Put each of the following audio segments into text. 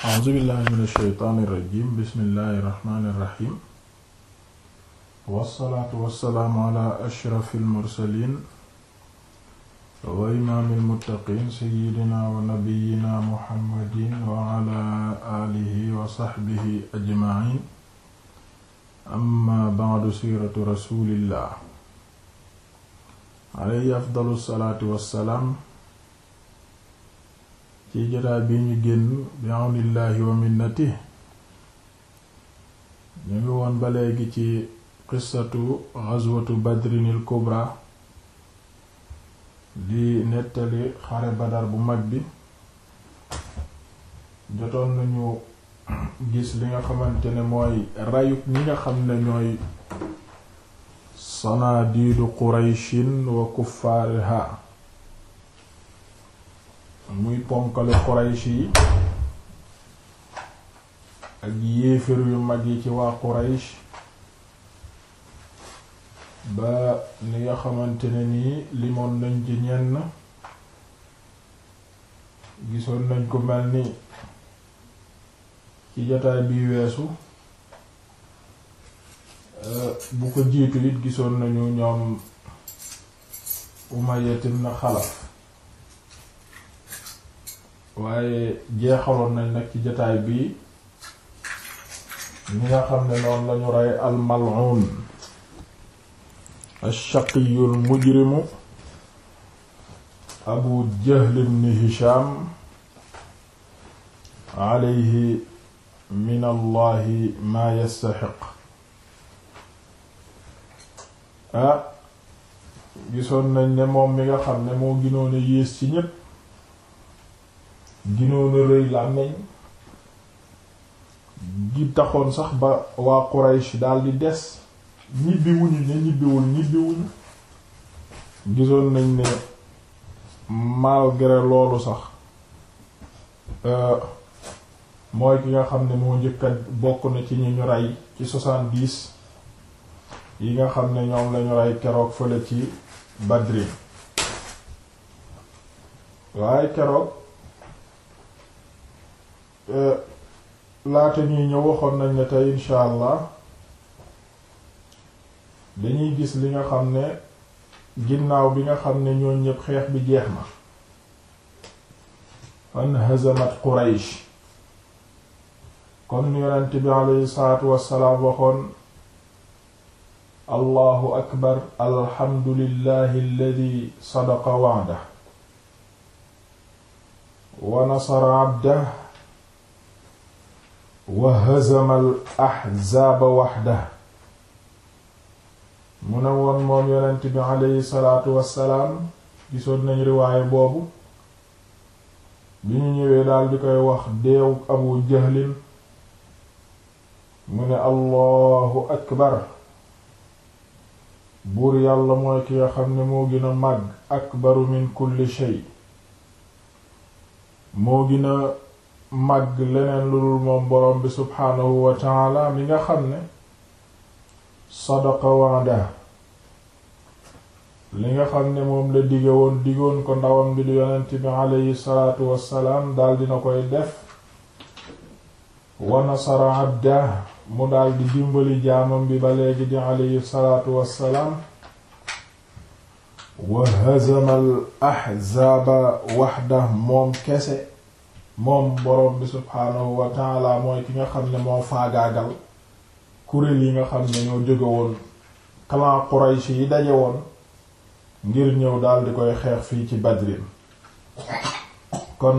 a'uuzu billaahi mina shaytaani rajiim bismillaahi rahmaani rahiim wassalaatu wassalaamu alaa ashrafil mursaliin wa imaamil muttaqiin sayyidinaa wa nabiyyinaa muhammadin wa alaa aalihi wa sahbihi ajma'iin amma ba'du siiratu rasuulillaah alayhi afdalu salaatu wassalaam ci jotaay bi ñu génn bi àwnillaahi wa minnati ñu ngi woon ba léegi ci qissatu ghazwatu badrinil kubra di nettali xare badar bu mag bi jotoon nañu gis li nga xamante ne mooy rayuk ñi nga xam ne ñooy sanadiidu qurayshin wa kuffaariha muy ponkale Quraysh yi ak yéefér yu mag yi ci waa Quraysh ba ni nga xamante ne nii limoon nañ ci ñenn gisoon nañ ko mel ni ci jotaay bi weesu bu ko jiitu it gisoon nañu ñoom Umayya ibn Xalaf waaye jeexaloon nañ nag ci jotaay bii ñi nga xam ne noonu lañu rey almal'un ashaqiyul mujrimu abu jahl ibn hisham alayhi min allahi maa yastaxiq ah gisoon nañ ne moom mi nga xam ne moo ginoon yées ci ñépp ginoon rëy làmmeñ gi taxoon sax ba waa Quraysh daal di des ñibbiwuñu ne ñibbiwul ñibbiwuñu gisoon nañ ne malgré loolu sax euh, mooy ki nga xam ne moo njëkk bokk na ci ñi ñu rey ci soixante-dix yi nga xam ne ñoom lañu rey keroog fële ci Badrin waaye keroog Euh, laata ñuy ñëw waxoon nañ ne tey incha dañuy gis li nga xam ne ginnaaw bi nga xam ne ñoo ñépp xeex bi jeex na an hazamat Quraysh kon yonent bi aleyhi salaatu wassalaam waxoon allahu akbar alhamdulillahi alladi sadaqa wa'dahu wa nasara abdahu wa hazama al ahzaaba waxda mu ne woon moom yonent bi aleyhi salaatu wassalaam gisoon nañ riwaaye boobu bi ñu ñëwee daal di koy wax deew abu jahlin mu ne allahu akbar buur yàlla mooy ki nga xam ne moo gën a màgg min kulli shay moo gën màgg leneen lu dul moom borom bi subhaanahu wa taala nga xam ne sadaqa wa'da li nga xam ne moom la dige woon digoon ko ndawam bi di yonent bi aleyhi salaatu wassalaam dal dina koy def wa nasara mu dal di dimbali jaamam bi ba léegi di aleyhi salaatu wassalaam wa ahzaaba wahda moom kese moom boroom bi subhaanahu mooy ki nga xam ne moo faagaagal kuréel yi nga xam ne ñoo jóge woon clan Quraysh yi daje woon ngir ñëw daal di koy xeex fii ci Badrin kon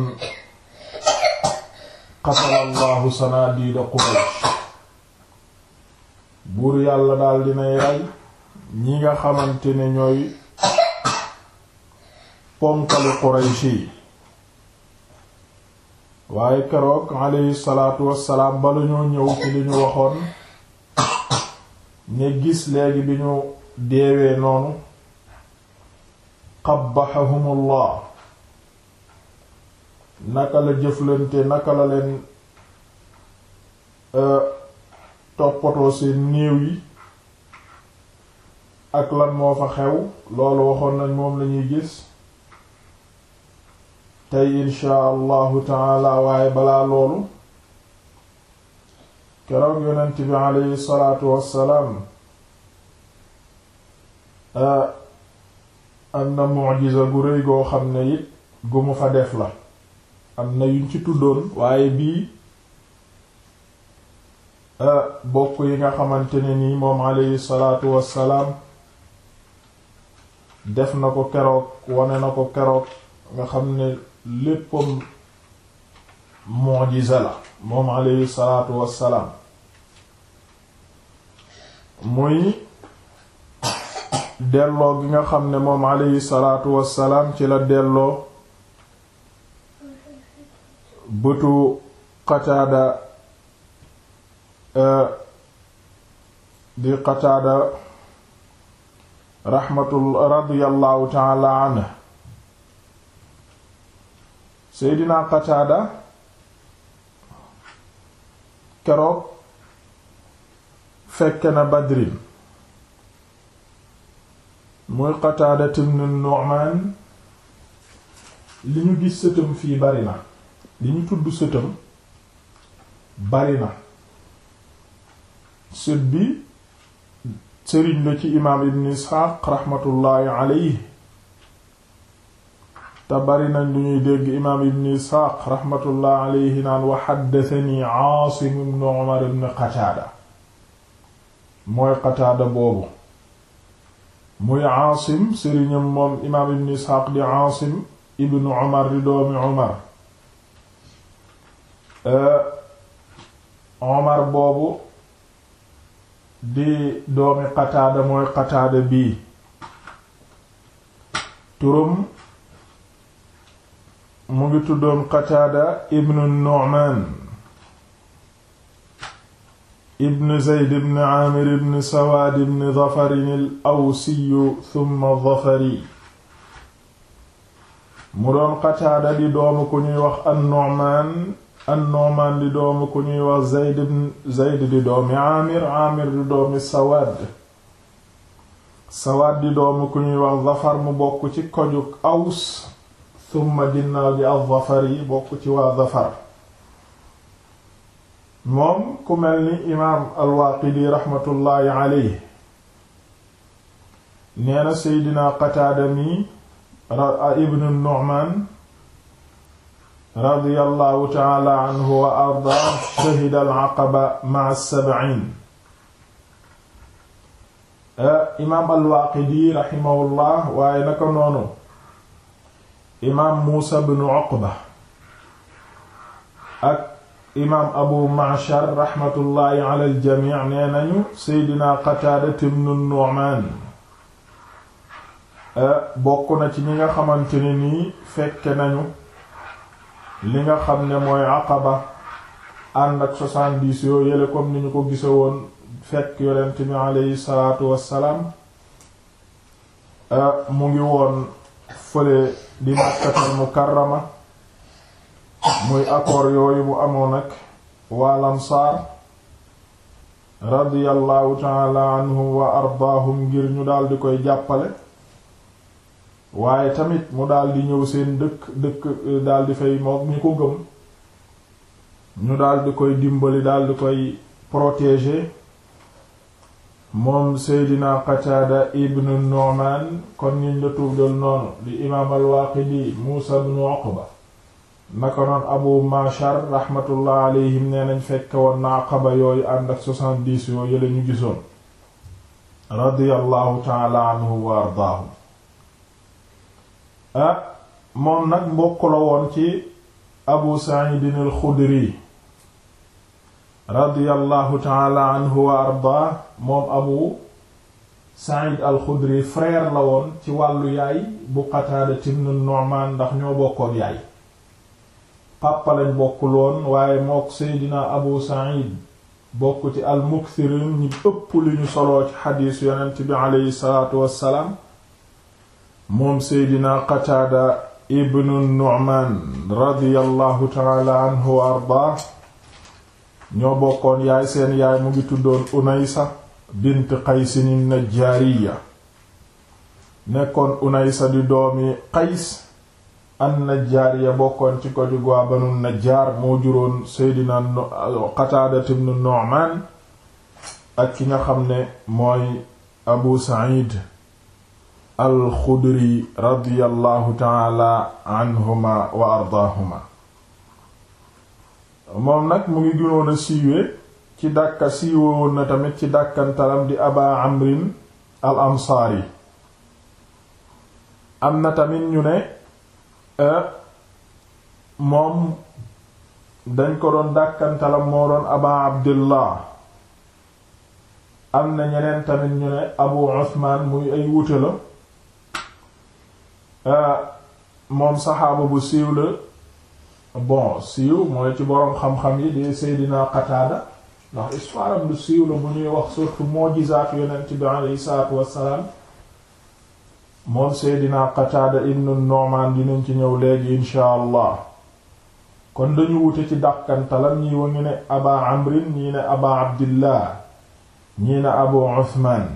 qatalallahu sanadiida Quraysh buur yàlla daal dinay rey ñi nga xamante ne ñooy ponkalu Quraysh yi waaye keroog alayhi salaatu wassalaam bala ñoo ñëw ci li ñu waxoon ne gis léegi bi ñu deewee noonu qabbahahumullah naka la jëflante naka la leen euh, toppatoo seen néew yi ak lan moo fa xew loolu waxoon nañ moom lañuy gis tey insha allahu taala waaye balaa loolu keroog yonent bi aleyhi salaatu wassalaam am na mucjiza gu rëy goo xam ne it gu mu fa def la am na yuñ ci tuddoon waaye bii bokk yi nga xamante ne nii moom aleyhi salaatu wassalaam def na ko keroog wane na ko keroog nga xam ne léppam mu'jiza la moom alayhi salaatu wassalaam muy delloo gi nga xam ne moom alayhi salaatu salaam ci la delloo bëtu qataada euh, di qataada raxmatul radiyallahu taala anhu Seydina Qataada keroog fekk na Badrin muy Qataada ibn Nu'maan li ñu gis sëtam fii bari na li ñu tudd sëtam bari na sët bi sëriñ la ci imaam Ibn Isxaaq raxmatullaahi alayhi te bari nañ lu ñuy dégg imaam ibn isxaaq raxmatullah alayhi naan wa xaddatani aasim ibn umar ibn qataada mooy qataada boobu muy aasim sëriñam moom imaam ibn isxaaq di aasim ibn umar di doomi umar eh, umar boobu di doomi qataada mooy qataada bii turum mu ngi tuddoon Qataada ibnu Nu'maan ibn Zayd ibn Aamir ibn Sawaad ibn Zafarin al-Awsiyu thumma Zafari mu doon Qataada di doomu ku ñuy wax an-Nu'maan an-Nu'maan di doomu ku ñuy wax Zayd ibn Zayd di doomi Aamir Aamir di doomi Sawaad Sawaad di doomu ku ñuy wax Zafar mu bokk ci kojug Aws summa ginnaaw gi az-Zafar yi bokk ci waa Zafar moom ku mel ni imaam al-Waaqidi raxmatullaahi alayhi nee na Seydina Qataada mi ibnu Nu'maan radiyallaahu ta'aala anhu wa ardaa shahida al-Aqaba ma'a as-sab'iin eh, imaam al-Waaqidi raximahullah waaye naka noonu imaam Muusa bnu Uqba ak imaam Abu Ma'shar raxmatullaahi ala aljamic nee nañu Seydina Qataada bnu Nu'maan eh, bokk na ci ñi nga xamante ni nii fekke nañu li nga xam ne mooy Aqaba ànd ak soixante-dix yoo ni ñu ko gise woon fekk yonent bi aleyhi salaatu wassalaam eh, mu ngi woon fële di Makkatal Mukarrama muy accord yooyu mu amoon nag waa Lansaar radiyallahu taala anhum wa ardaahum ngir ñu daal di koy jàppale waaye tamit mu daal di ñëw seen dëkk dëkk daal di fay moom ñi ko gëm ñu daal di koy dimbali daal di koy protéger moom seydina qataada ibnu nu'man kon niñ la tuddal noonu di imaam al-Waaqidi muusa ibnu Uqba naka noon abu mashar rahmatullah alayhim nee nañ fekk woon na Aqaba yooyu ànd ak soixante-dix yooyu la ñu gisoon radiyallahu taala anhu wa ardaahu ah moom nag mbokk la woon ci abu sa'idin al-Xudri radiyallahu taala anhu wa arda moom abu Saïd al-Khudri la woon ci wàllu yaay bu Qataada ibn Nu'man ndax ñoo bokkoon yaay pàppa bokkul woon waaye mook Seydina Abu Saïd bokk ci al-mukthirin ñi ëpp li ñu soloo ci xadiis yonent bi aleyhi salaatu wassalaam moom Seydina Qataada ibn Nu'man radiyallahu taala anhu wa arda ñoo bokkoon yaay seen yaay mu ngi tuddoon unaysa bint qaysin najjaariya nekkoon unaysa di doomi qays an najjaariya bokkoon ci ko jug waa banu najjaar moo juróon seydina qataadat ibnu nu'man ak ki nga xam ne mooy abu sa'id al xudri radiyallahu taala wa ardaahuma moom nag mu ngi gënoon a siiwee ci dàkka siiwee woon na tamit ci dàkkantalam di aba amrin al ansaari am na tamit ñu ne e, moom dañ ko doon dàkkantalam moo doon aba abdillah am na ñeneen tamit ñu ne abu usman muy ay wuute la e, moom saxaaba bu siiw la bon siiw mooy ci boroom xam-xam yi de Seydina Qataada ndax histoire lu siiw la bu ñuy wax surtout mujizaat yonent bi alayhi salaatu wassalaam moom Seydina Qataada ibnu Nu'maan dinañ ci ñëw léegi insha allah kon dañu wute ci dàqantalam ñi wa ngi ne aba amrin ñii ne aba abdillah ñii ne abu usman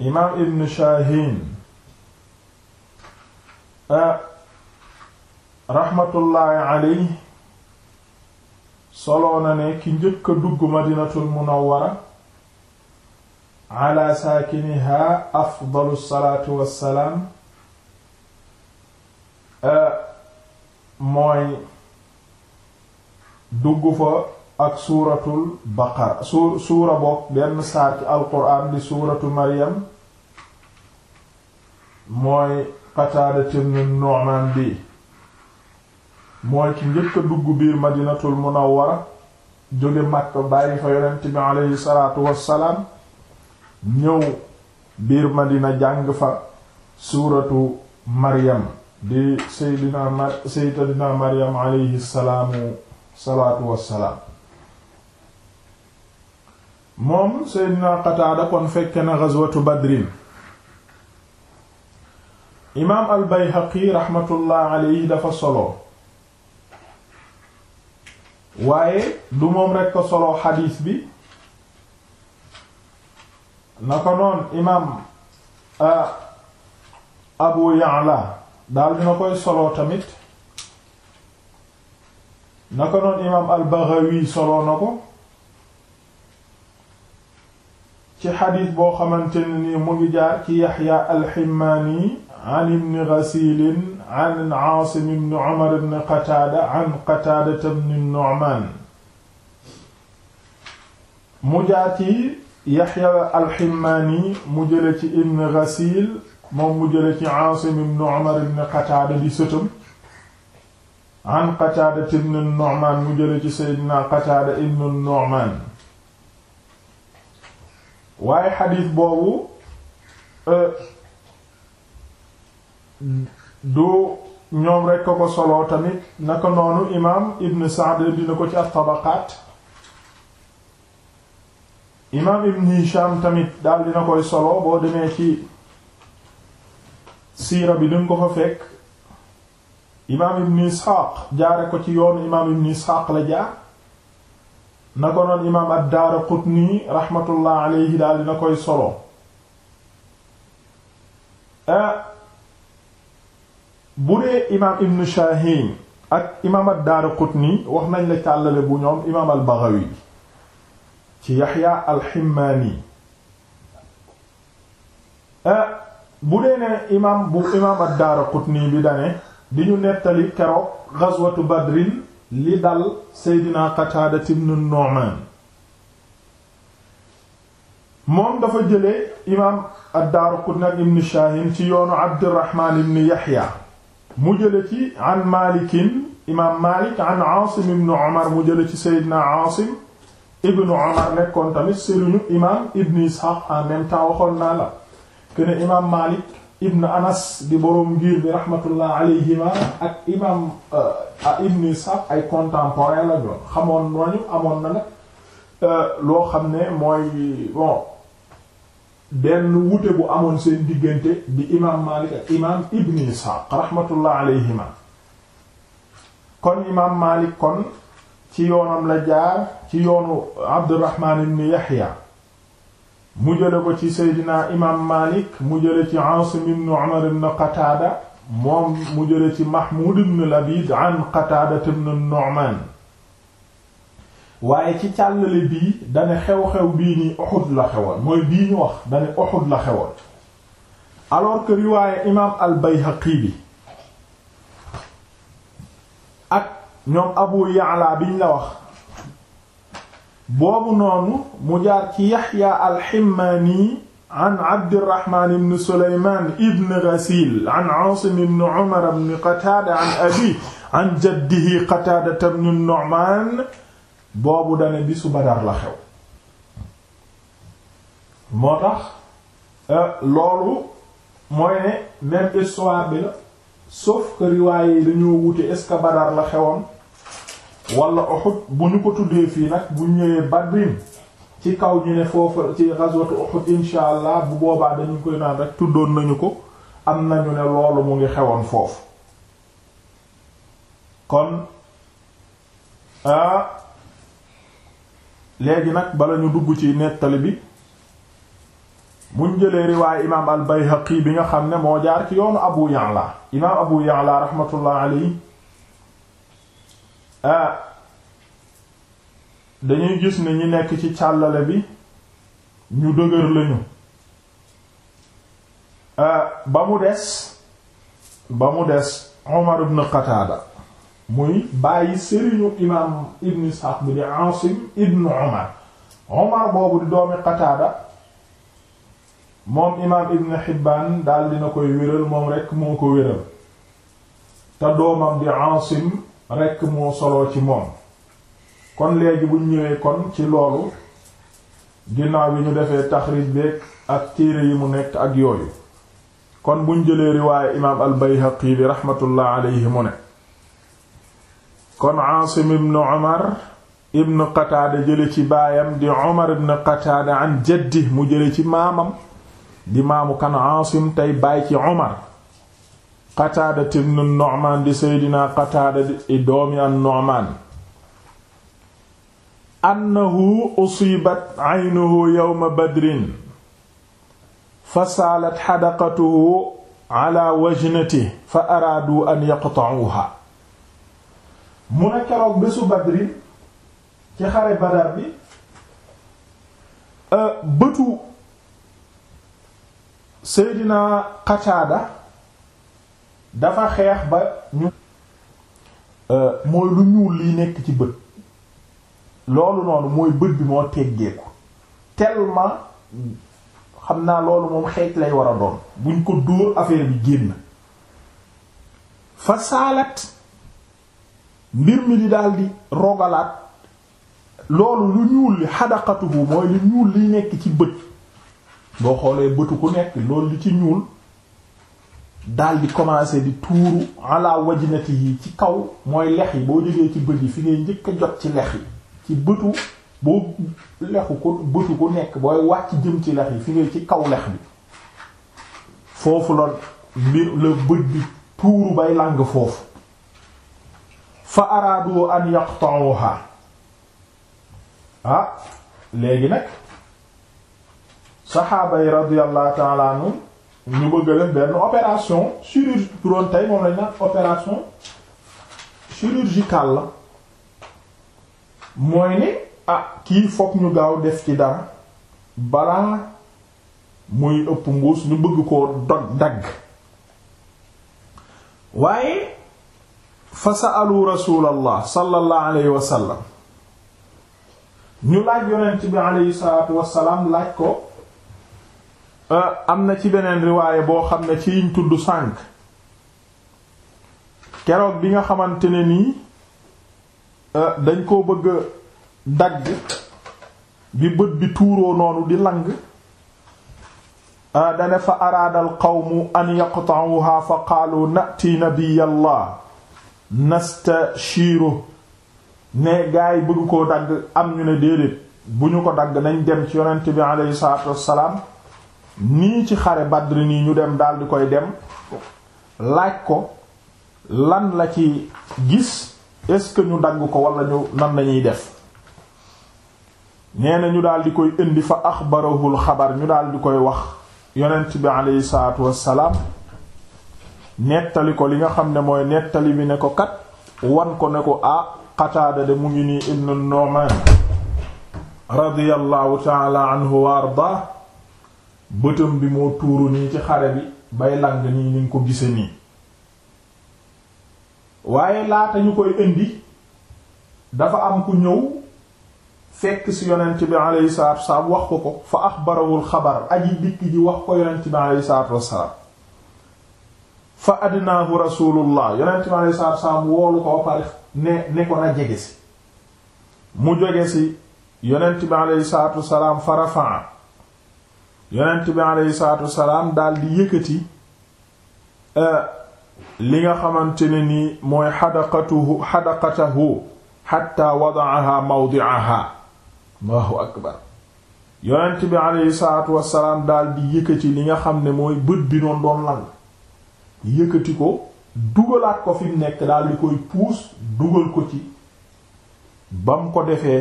imaam ibn Shaahin ah raxmatullaahi solo na ne ki njëkk a dugg madinatul munawwara ala saakiniha afdalu salaatu wassalaam e, mooy dugg fa ak suuratul baqara su suura suuratu maryam mooy qataadatu ibn nu'maan bi mooy ci njëkk dugg biir madinatul munawwara jóge Makka bàyyi fa yonent bi aleyhi salaatu wassalaam ñëw biir madina jàng fa suuratu maryam di saydina ma sayidina maryam aleyhi salaamu salaatu wassalaam moom saydina Qataada kon fekke na ghazwatu badrin imaam al bayhaqi raxmatullah dafa solo waaye du moom rekk ko solo bi na ko noon imaam abu ya'la daal dina koy solo tamit na ko noon imaam al-Baghawi solo na ko ci xadiis boo xamante ni nii mu ngi jaar ci yaxya al an ibni ghasilin an aasim ibni umar ibni qataada an qataadata ibni nu'maan mu jaar ci yaxya alximaani mu jële ci ibni ghasil moom mu jële ci aasim ibni umar ibni qataada di sëtam an qataada ibni nu'maan mu jële ci seydina qataada ibni nu'maan waaye xadiis boobu euh, du ñoom rekk ko soloo tamit naka noonu imaam ibn Sa'd dina ko ci at-Tabaqaat imaam ibn Hisham tamit daal dina koy solo boo demee ci siira bi duñ ko fa fekk imaam ibn Ishaq jaare ko ci yoonu imaam ibn Ishaq la jaar na ko noon imaam ad-Daaraqutni rahmatullah alayhi daal dina koy solo eh, bu dee imaam Ibn Shahin ak imaam ad-Daraqutni wax nañ la càllale bu ñoom imaam al-Baghawi ci Yaxya al-Himmaani eh, bu dee ne imaam bu imaam ad-Daraqutni bi dane di ñu nettali keroog ghazwatu Badrin li dal Seydina Qataada ibn Nu'maan moom dafa jële imaam ad-Daraqutni ak Ibn Shahin ci yoonu Abdurrahmaan ibn Yaxya mu jële ci an malikin imaam malik an aasim ibnu omar mu jële ci seydina aasim ibnu omar nekkoon tamit sëriñu imaam ibnu ishaq en même temps waxoon naa la kene imaam malik ibnu anas di boroom ngir bi rahmatullah ak imaam euh, ibnu ishaq ay contemporain la doon xamoon nañu amoon na nag euh, loo xam ne mooy bon benn wute bu amoon seen diggante di imaam Maalik ak imaam Ibn Isxaaq rahmatullah alayhima kon imaam Maalik kon ci yoonam la jaar ci yoonu Abdurrahmaan ibn Yaxya mu jële ko ci Seydina imaam Maalik mu jële ci Aasim ibn Umar ibn Qataada moom mu jële ci Mahmuud ibn Labiid an Qataada ibn Nu'maan waaye ci càllale bii dane xew-xew bii nii Uhud la xewoon mooy bii ñu wax dane Uhud la xewoon alors que riwaaye imaam al-Bayhaqi bi ak ñoom Abu Ya'la biñ la wax boobu noonu mu jaar ci Yaxya al-Himmaani an Abdirrahmaan ibn Sulaymaan ibn Ghasiil an Aasim ibn Umar ibn Qataada an an jaddihi Qataada ibn Nu'maan boobu dane bisu Badar la xew moo tax euh, loolu mooy ne même histoire bi la sauf que yi dañoo wute est-ce la xewoon wala Uhud bu ñu ko tuddee fii nag bu ñëwee Badrin ci kaw ñu ne foofu ci ghazwatu Uhud insha allah bu boobaa dañu koy naan rek tuddoon nañu ko am nañu ne loolu mu ngi xewoon foofu kon euh, léegi nag bala ñu dugg ci nettali bi buñ jëlee riwaay imaam al bayhaqi bi nga xam ne moo jaar ci yoonu abu ya'la imaam abu ya'la rahmatullah alayhi ah, dañuy gis ni ñu nekk ci càllale bi ñu dëgër lañu ah, ba mu des ba mu des Umar ibn Qataada muy bàyyi sëriñu imaam ibn Isxaaq bi di Aasim ibn Umar Umar boobu di doomi Qataada moom imaam ibn Hibbaan daal dina koy wéral moom rekk moo ko wéral te doomam di Aasim rekk moo soloo ci moom kon léegi buñ ñëwee kon ci loolu ginnaaw bi ñu defee taxrij beek ak téere yi mu nekk ak yooyu kon buñ jëlee riwaaye imaam al-Bayhaqi bi raxmatullah alayhi mu ne kon Aasim ibn Umar ibn Qataada jële ci baayam di Umar ibn Qataada an jaddi mu jële ci maamam di maamu kan Aasim tey baay ci Umar Qataada ibn Nu'maan di Seydina Qataada di doomi an-Nu'maan annahu usiibat aynuhu yawma badrin fa saalat xadaqatuhu ala wajnatihi fa araadu an yaqta'uha mu ne keroog bésu badrin ci xare Badar bi euh, bëtu Seydina Qataada dafa xeex ba ñu euh, mooy lu ñuul liy nekk ci bët loolu noonu mooy bët bi moo teggeeku ma xam naa loolu moom xeej lay war a doon buñ ko dóor affaire bi génn fa saalat mbir mi di daldi rogalaat loolu lu ñuul li xadaqatuhu mooy lu ñuul liy nekk ci bët boo xoolee bëtu ku nekk loolu li ci ñuul daal di commencer di tuuru ala wajinati yi ci kaw mooy lex yi boo jógee ci bët yi fi ngay njëkk a jot ci lex yi ci bëtu ko bëtu ku nekk booy wàcc jëm ci lex yi fi ngay ci kaw lex bi foofu lool mbir la bët bi tuuru bay làng foofu fa araadu an yaqta'uha ah léegi nag saxaaba yi radiyallahu ta'ala anhu ñu bëgg def benn opération chirurgie pour woon tey moom lañ naan opération chirurgicale la mooy ne ah kii fokk ñu gaaw def ci dara balaa muy ëpp mbuus ñu bëgg ko dog dagg waaye fa sa'alu rasulallah sallallahu alayhi ñu laaj yonent bi alayhi salaatu wa laaj ko Euh, am na ci beneen riwaaye boo xam ne ci yiñ tudd sànk keroog bi nga xamante ne nii euh, dañ koo bëgg dagg bi bët bi tuuroo noonu di lang euh, dane fa araadal al qawmu an yaqta'uha fa qaalu na'ti nabiyallah nastashiru ne gaay bëgg koo dagg am ñu ne déedéet bu ñu ko dagg nañ dem ci yonent bi aleyhi salaatu wassalaam nii ci xare Badr nii ñu dem daal di koy dem laaj ko lan la ci gis est-ce que ñu dagg ko wala ñu nan lañuy def nee ñu daal di koy indi fa axbarahul xabar ñu daal di koy wax yonent bi aleyhi salaatu wassalaam nettali ko li nga xam ne mooy nettali bi ne ko kat wan ko ne ko ah Qataada de mu ngi nii ibnu Nu'maan radiyallahu taala anhu wa ardaa bëtam bi moo tuuru nii ci xare bi bay lang nii ni ko gise nii waaye laata ñu koy indi dafa am ku ñëw fekk ci yonent bi alayhi salaatu wasalaam wax ko ko fa axbarawul xabar aji dikk ji wax ko yonent bi alayhi salaatu wasalaam fa adnaahu rasulullah yonent bi alayhi salaatu wasalaam woolu ko ba pare ne ne ko na jege si mu jege si yonent bi alayhi salaatu wasalaam fa rafaa yonent bi aleyhi salaatu wasalaam daal di yëkkati euh, li nga xamante ne ni mooy xadaqatuhu xadaqatahu xatta wadaaha mawdiaha allahu akbar yonent bi aleyhi salaatu wasalaam daal di yëkkati li nga xam ne mooy bët bi noonu doon lan yëkkati ko dugalaat ko fi nekk daal di koy puus dugal ko ci bam ko defee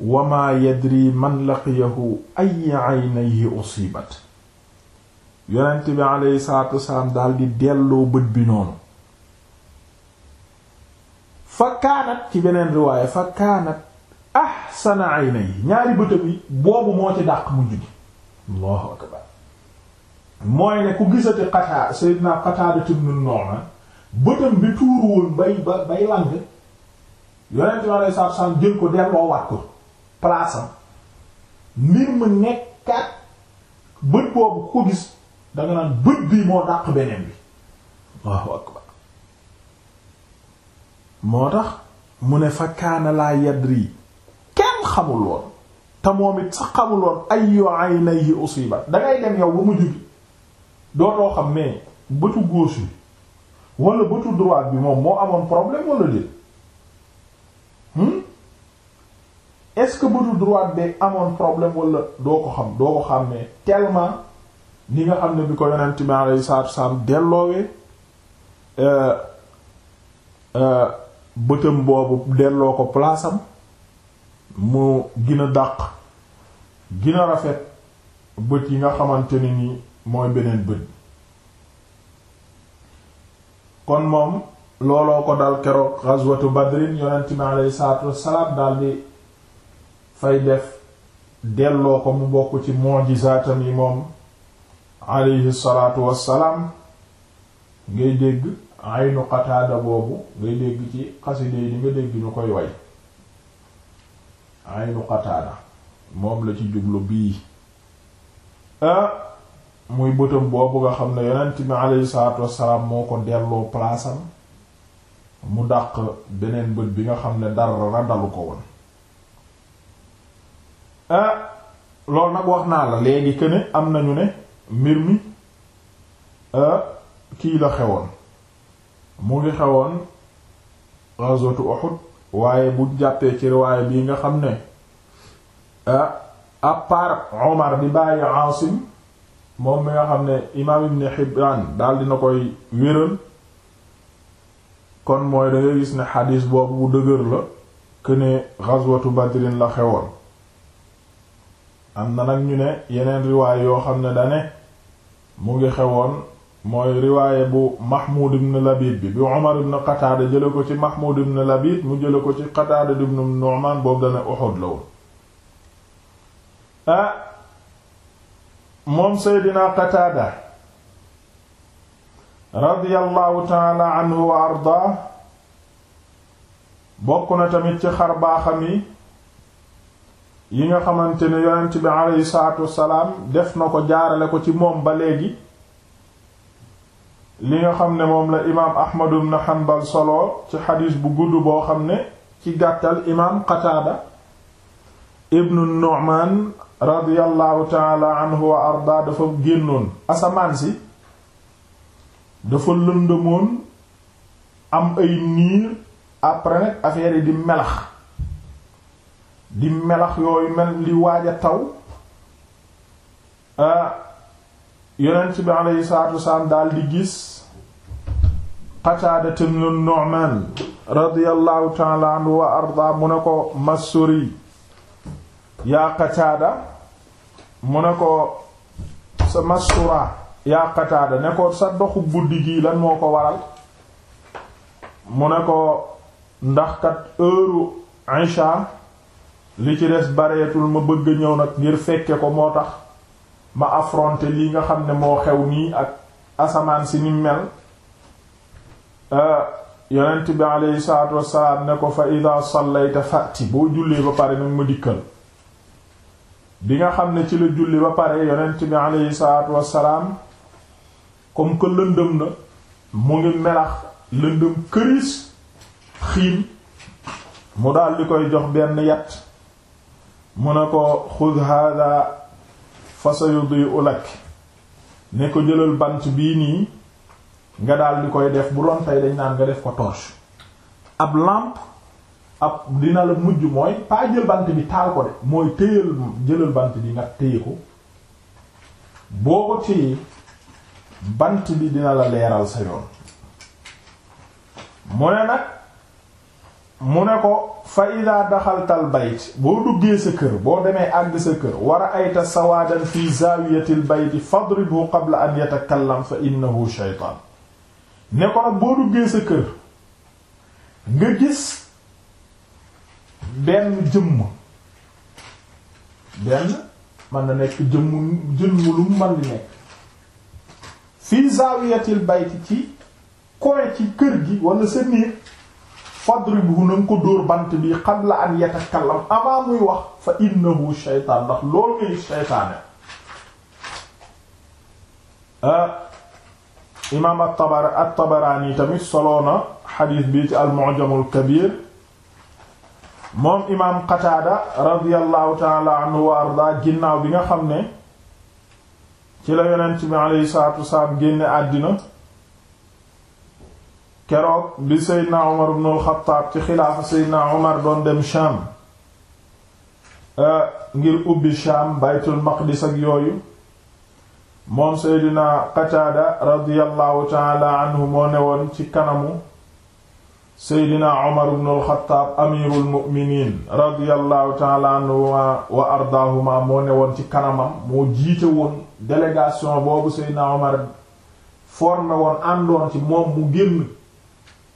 wa maa yadri man laqiyahu ay aynayhi usibat yonent bi aleyhi salaatu wasalaam daldi delloo bët bi noonu fa kaanat ci beneen riwaaya fa kaanat ahsana aynayhi ñaari bëtam yi boobu moo ci dàq mu jugi allahu akbar mooy ne ku gisati Qataa Seydina Qataada ibnu Nu'maan bëtam bi tuuru woon bay bay lang yonent bi aleyhi salaatu wasalaam jël ko delloo waat ko place am mbir mu nekkaat bët boobu ko gis da nga bët bii moo dàq beneen bi waaw akbar moo tax mu ne fa kaana laa yadri kenn xamul woon te moom it sax xamul woon ayyu aynayhi usiba dangay dem yow ba mu jubi dootoo xam ne bëtu gauche bi wala bëtu droite bi moom moo amoon problème wala déet est-ce que bëtu droite bi amoon problème wala doo ko xam doo ko xam ne tellement ni nga xam ne bi ko yonent bi alayhi salaatu wasalaam delloowee euh, euh, bëtam boobu delloo ko place mu gën a dàq rafet bët yi nga xamante ni ni mooy beneen bët kon moom looloo ko dal keroog ghazwatu badrin yonent bi alayhi salaatu wasalaam daldi fay def delloo ko mu bokk ci mojisaatam yi moom alayhi salaatu wassalaam ngay dégg aynu qataada boobu ngay dégg ci xaside yi nga dégg ñu koy way aynu qataada moom la ci jublu bii ah, muy bëtam boobu nga xam ne yonent bi alayhi wassalaam moo ko delloo palaasam mu daq beneen bët bi nga xam ne dara radalu ko woon Ah, loolu nag wax naa la léegi que am nañu ne mbir mi ah, kii la xewoon mu ngi xewoon ghazwatu Uhud waaye bu jàppee ci riwaaya bii nga xam ne ah, à part Omar di bàyyi Asim moom mi nga xam ne imaam Ibn Hibbaan daal dina koy wéral kon mooy da ngay gis ne xadiis boobu bu dëgër la que ne ghazwatu Badrin la xewoon am na nag ñu ne yeneen riwaay yoo xam ne dane mu ngi xewoon mooy riwaaye bu Mahmoud ibn Labid bi bi Umar ibn Qataada jële ko ci Mahmoud ibn Labid mu jële ko ci Qataada ibn Nu'man boobu dana Uhud la woon ah moom Seydina Qataada radiyallahu anhu wa ardaa bokk na tamit ci xar baaxam yi yi nga xamante ne yonent bi aleyhi salaatu wassalaam def na ko jaarale ko ci moom ba léegi li nga xam ne moom la imaam ahmadu ibn hanbal solo ci xadiis bu gudd boo xam ne ci gàttal imaam qataada ibnu nu'man radiyallahu taala anhu wa arda dafa génnoon asamaan si dafa lëndëmoon am ay niir après nag di melax di melax yooyu mel li waaj a taw ah yonent bi aleyhi salaatu daal di gis Qataada ibn Nu'man radiyallahu ta'ala anhu arda mu ne ko Masuri yaa Qataada mu ne ko sa Masura yaa Qataada ne ko sa doxu guddi gii lan moo ko waral mu ne ko ndax kat heure Isha li ci des bareetul ma bëgg ñëw nag ngir fekke ko moo tax ma affronter lii nga xam ne moo xew nii ak asamaan si ni mel euh, yonent bi aleyhi salaatu wassalaam ne ko fa ida sallayta fati boo jullee ba pare nag ma dikkal bi nga xam ne ci la julli ba pare yonent bi aleyhi salaatu wassalaam comme que lëndëm na mu ngi melax lëndëm këris xiim mu daal di koy jox benn yet mu ne ko xud hada fa sayudiu lak ne ko jëlal bant bii nii nga daal di koy def bu doon tey dañ naan nga def ko torche ab lampe ab dina la mujj mooy pas bant bi taal ko de mooy téyal jëlal bant bi nga téye ko boo ko téye bant bi dina la leeral sa yoon mu ne nag mu ne ko fa ida daxaltal bayt boo duggee sa kër boo demee àgg sa kër war a ayta sawaadan fi zaawiyatil bayti fadribhu qabla an yatakallam fa innahu shaytaan ne ko nag boo duggee sa kër nga gis benn jëmm benn mën na nekk jëmm jëmm lu mu nekk fi zaawiyatil bayti ci koy ci kër gi wala sa néeg fadribhu na nga ko dóor bant bi qabla an yatakallam avant muy wax fa innahu shaytaan ndax loolu ngay shaytaane euh, imaam at-Tabara at tamit soloo na xadiis bi ci al-Mu'jam al-Kabiir moom imaam Qataada radiyallahu ta'ala anhu wa ardaa ginnaaw bi nga xam ne ci la yonent bi alayhi salaatu keroog bi seydna umar ibn al ci xilaafa seydna umar doon dem Shaam eh, ngir ubbi Shaam baytul maqdis ak yooyu moom seydna Qataada radiyallahu taala anhu moo newoon ci kanamu seydna umar ibn al amirul mu'miniin radiyallahu taala anhu wa ardaahuma moo newoon ci kanamam moo jiite woon délégation boobu seydna umar formé woon àndoon ci moom mu génn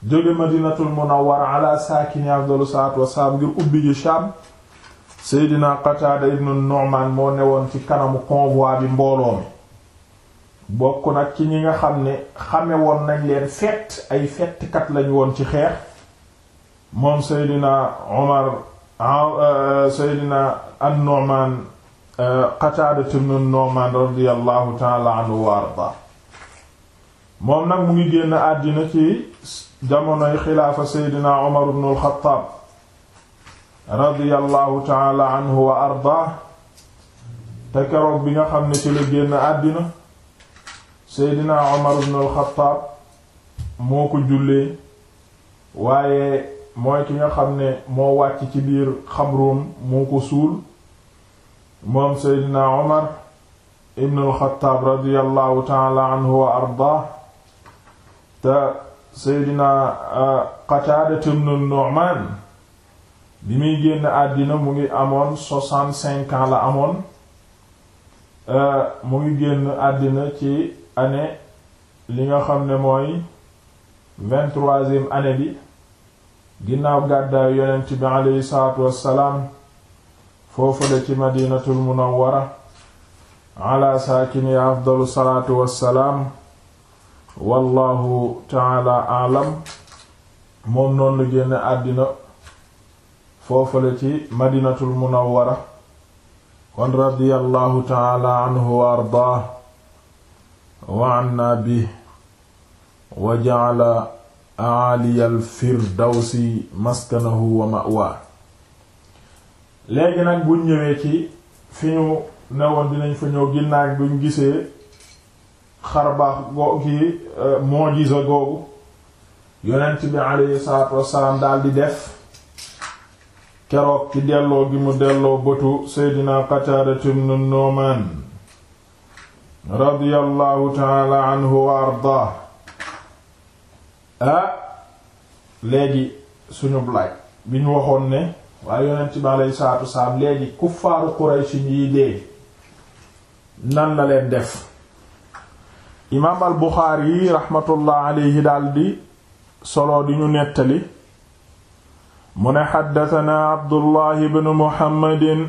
jóge madinatul munawwara ala saakini afdalu salaatu wassalaam ngir ubbi ji Shaam Seydina Qataada ibnu Nu'maan moo newoon ci kanamu convoi bi mbooloo mi bokk nag ki ñi nga xam ne xame woon nañ leen fett ay fettkat lañ woon ci xeex moom Seydina Omar Seydina an-Nu'maan Qataada ibnu Nu'maan radiyallahu ta'ala anhu wa arda moom nag mu ngi génn àddina ci jamonoy xilaafa seydina Umar ibn al-Xattaab radiyallahu taala anhu wa ardaa te keroog bi nga xam ne ci la génn àddina seydina Umar ibn al-Xattaab moo ko jullee waaye mooy ki nga xam ne moo wàcc ci biir xabroom moo ko suul moom seydina Umar ibn al-Xattaab radiyallahu taala anhu wa ardaa te seydina euh, Qataadatu ibnu Nu'maan bi muy génn àddina mu ngi amoon la amoon euh, mu ngi génn àddina ci année li nga xam ne mooy vingt-troisième année bi ginnaaw gàddaayu yonent bi aleyhi salaatu wassalaam foofu la ci madinatul munawwara ala saakini afdalu salaatu wassalaam wallahu taala alam moom noonu la àddina foofale ci madinatul munawwara kon radiyallahu taala anhu wa ardaah wa anna bi wa ja'ala aaliyal firdawsi maskanahu wa ma'wa léegi nag buñ ñëwee ci fi ñu newoon dinañ fa ñëw ginnaaw buñ gisee xarbaax go ki euh, mojiza googu yonent bi alayhi salaatu wassalaam daal di def keroog ci delloo gi mu delloo bëtu seydina qataadatu ibnu nuumaan radiyallahu taala anhu wa ardaa ah, léegi suñu blaaj bi ñu waxoon ne waaye yonent bi alayhi salaatu wassalaam léegi kuffaaru quraysh yi dee nan la leen def imaam al buxaari raxmatullah aleyhi daldi solo di ñu nettali mu ne xaddatanaa abdullahi bnu muhammadin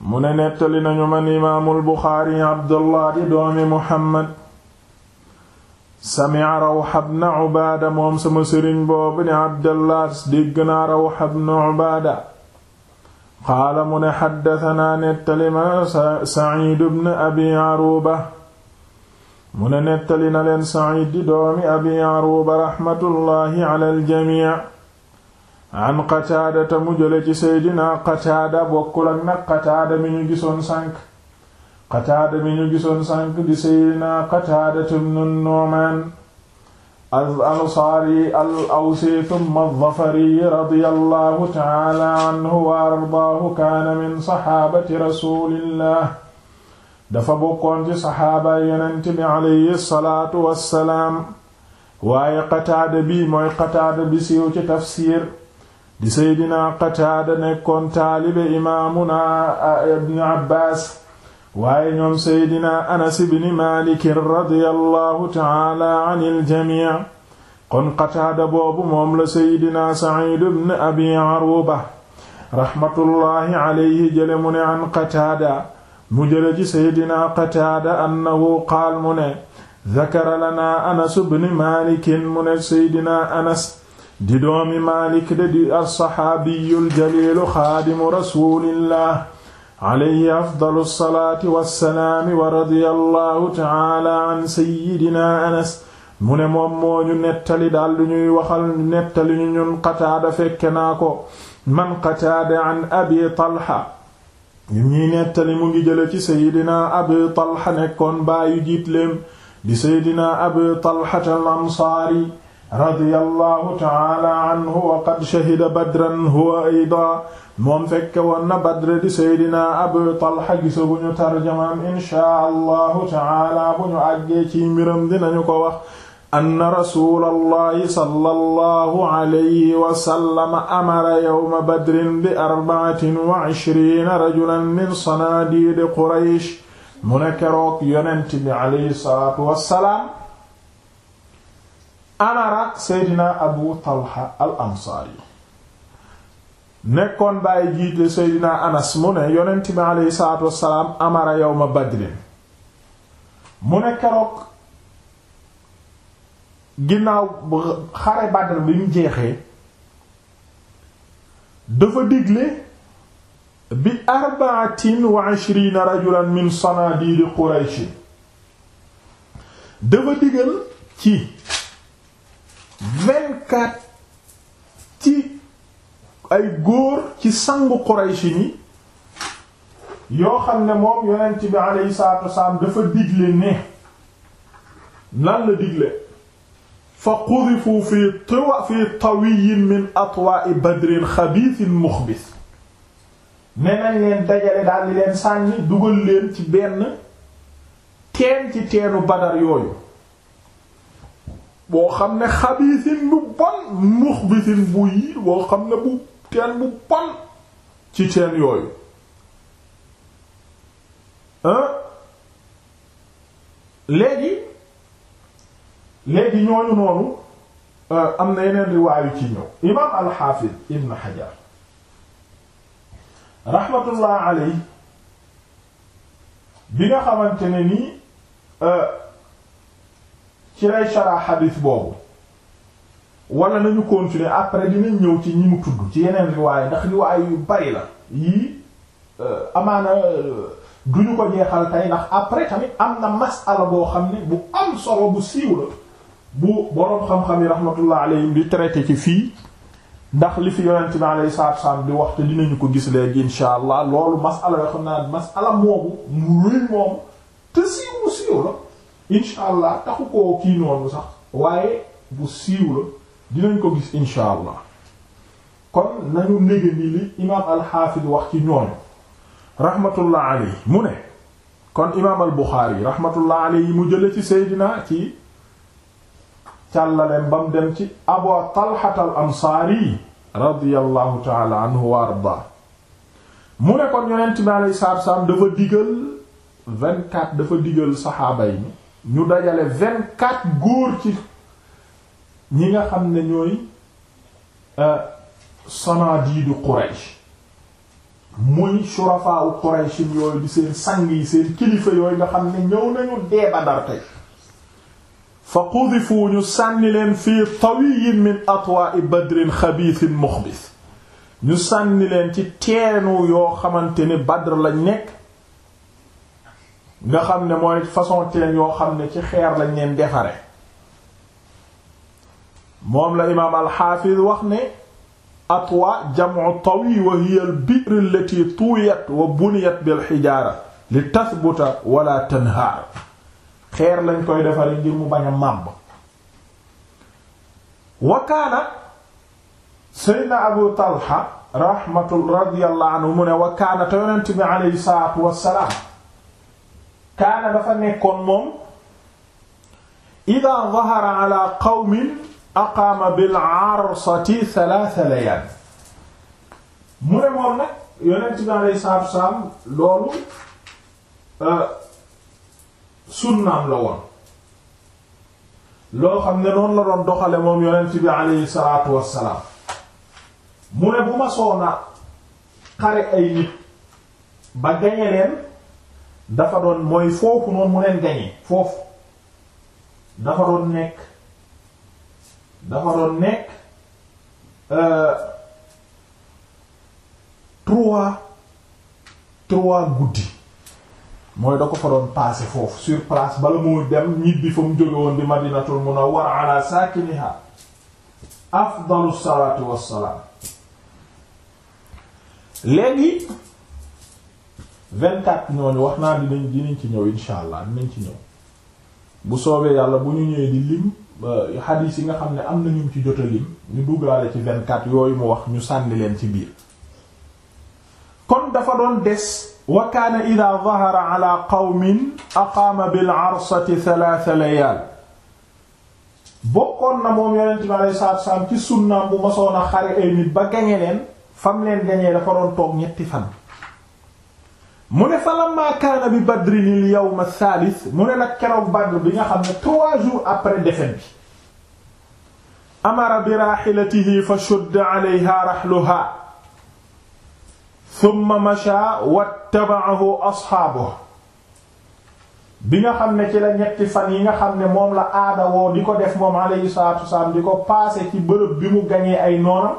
mu ne nettali nañu man imaamul buxaari abdullah di doomi muhammad sami'a rawxa bna ubaada moom sama sëriñ boobu ni abdullah dégg naa rawxa bna ubaada qaala mu ne xaddatanaa nettali ma saciid bnu abi aruuba mu ne nettali na leen Saciid di doomi Abi Aruuba raxmatullaahi ala aljamic an Qataadata mu jële ci Seydina Qataada bokkul ak nag Qataada mi ñu gisoon sànk Qataada mi ñu gisoon sànk di Seydina Qataadata ibnu Nu'maan al-Ansaari al-Awsi thumma al-Zafari radiyallaahu ta'aala anhu wa ardaahu kaana min saxaabati rasuulillah dafa bokkoon ci saxaaba yonent bi aleyhi salaatu wassalaam waaye qataada bi mooy qataada bi siiw ci tafsiir di seydinaa qataada nekkoon taalibe imaamuna ibn abbaas waaye ñoom seydinaa anas ibn maalik radiyallahu taala an il jamii kon qataada boobu moom la seydinaa saciid ibn abi aruba raxmatullaahi aleyhi jële mu ne an qataada mu jële ci seydina qataada annahu qaal mu ne zakara lana anas ibn malikin mu ne seydina anas di doomi maalik de di alsaxaabiyu ljalilu xaadimu rasulillah alayhi afdalu lsalaati wassalaami wa radia allahu taala an seyidina anas mu ne moom moo ñu nettali daal du ñuy waxal nettali ñu ñun qataada fekke naa ko man qataada an abi talha ñun ñuy nettali mu ngi jële ci seydina abi talxa nekkoon baayu jiitleem di seydina abi talxata al ansaari radiyallahu taala anhu wa qad shahida badran huwa ayda moom fekke woon na badr di seydina abi talxa gisa bu ñu tarjamaam inchaa allahu taala bu ñu àggee ciy mbiram dinañu ko wax anna rasuulallahi sallallahu alayhi wa sallam amara yawma badrin bi arba'atin wa ishriina rajulan min sanaadiidi quraysh mu ne keroog yonent bi alayhi salaatu wassalaam amara seydina abu talha al ansaari nekkoon bàyyi jiite seydina anas mu ne yonent bi alayhi salaatu wassalaam amara yawma badrin mu ne keroog ginnaaw xare Badr bi mu jeexee dafa digle bi arba'atin wa ishrina rajulan min sanadiri Quraysh dafa digal ci vingt ci ay góor ci sangu Quraysh ni yoo xam ne moom yonent bi alayhi salaatu wasalaam dafa digle ne lan la digle fa qudifu fi tawa fi tawiyin min atwaa'i badrin xabiisin muxbis ne leen dajale daal di leen sànni dugal leen ci benn teen ci teenu badar yooyu boo xam ne xabiisin bu bon muxbisin bu yi boo xam ne bu teen bu bon ci teen yooyu léegi léegi ñooñu noonu euh, am na yeneen riwaayu ci ñëw imam alxaafid ibn xajar rahmatullah aley bi nga xamante ne nii euh, ci lay shara xadis boobu wala nañu continuer après dinañ ñëw ci ñu mu tudd ci yeneen riwaay ndax riwaay yu bari la yii euh, amaana duñu ko jeexal tey ndax après tamit am na masala boo xam ne bu am solo bu siiw la bu boroom xam-xam yi rahmatullah alayhim di traité ci fii ndax li bi wax te dinañu ko gis léegi insha allah loolu masala yoo xam mu waaye bu ko gis insha allah ci ñooñu rahmatullah alayhi mu ne kon imaam al buxaari rahmatullah alayhi mu jële ci seydina ci càllaleen ba mu dem ci abu talhat al ansaari radiyallahu taala anhu ardaa mu ne kon yonent bi alayhi salaatu wa salaam dafa digal vingt dafa digal saxaaba yi ñu dajale vingt góor ci ñi nga xam ne ñooy euh, sanadiidu Quraysh muy shurafaa u Quraysh yooyu di seen sang yi seen kilifa yooyu nga xam ne ñëw nañu dee Badar fa qudifu ñu sànni leen fii tawiyin min atwaa'i badrin xabiisin muxbis ñu sànni leen ci teenu yoo xamante ni badr lañ nekk nga xam ne mooy façon teen yoo xam ne ci xeer lañ leen defare moom la imaam alxaafiz wax ne atwa jamcu tawi wa hiya al bi'r allati tuwiyat wa buniyat bil xijaara li tasbuta wala tanhaar xeer lañ koy defaree ngir mu bañ a màbb wakaana seydna abu talha rahmatul radiyallahu anhu mu ne wakaana te yonent bi aleyhi salaatu wassalaam kaana dafa nekkoon moom ida zahara ala qawmin aqaama bil arsati thalatha layal mu ne moom nag yonent bi aleyhi salaatu wassalaam loolu euh, sunnaam la woon loo xam ne noonu la doon doxale moom yonent bi aleyhi salaatu wassalaam mu ne bu ma soona xare ay nit ba gañe leen dafa doon mooy foofu noonu mu leen gañe foofu dafa doon nekk dafa doon nekk euh, trois trois guddi mooy da ko fa doon passé foofu sur place bala moo dem ñibbi fa mu jóge woon di madinatul munawwara ala saakiniha afdalu salaatu wassalaam léegi vingt-quatre ñooñu wax naa dinañ dinañ ci ñëw insha allah dinañ ci ñëw bu soobee yàlla bu ñu ñëwee di lim xadiis yi nga xam ne am na ñu ci jot a lim ñu duggaale ci vingt-quatre yooyu mu wax ñu sànni leen ci biir kon dafa doon des wa kaana idaa dahara ala qawmin aqaama bil arsati thalaatha layaal bokkoon na moom yonent bi alayhi salaatu salaam ci sunnaam bu masoon a xare ba gañe fam leen gañee dafa doon toog ñetti fan mu ne fa lamma kaana bi badrinil yawma thaalith badr bi nga xam ne trois après défaite bi amara bi raaxilatihi fa rahluha thumma masha wattaba'ahu asxaabo bi nga xam ne ci la ñetti fan yi nga xam ne moom la aada woo di ko def moom alayhi salaatu wasalaam di ko paase ci bërëb bi mu gañee ay noonam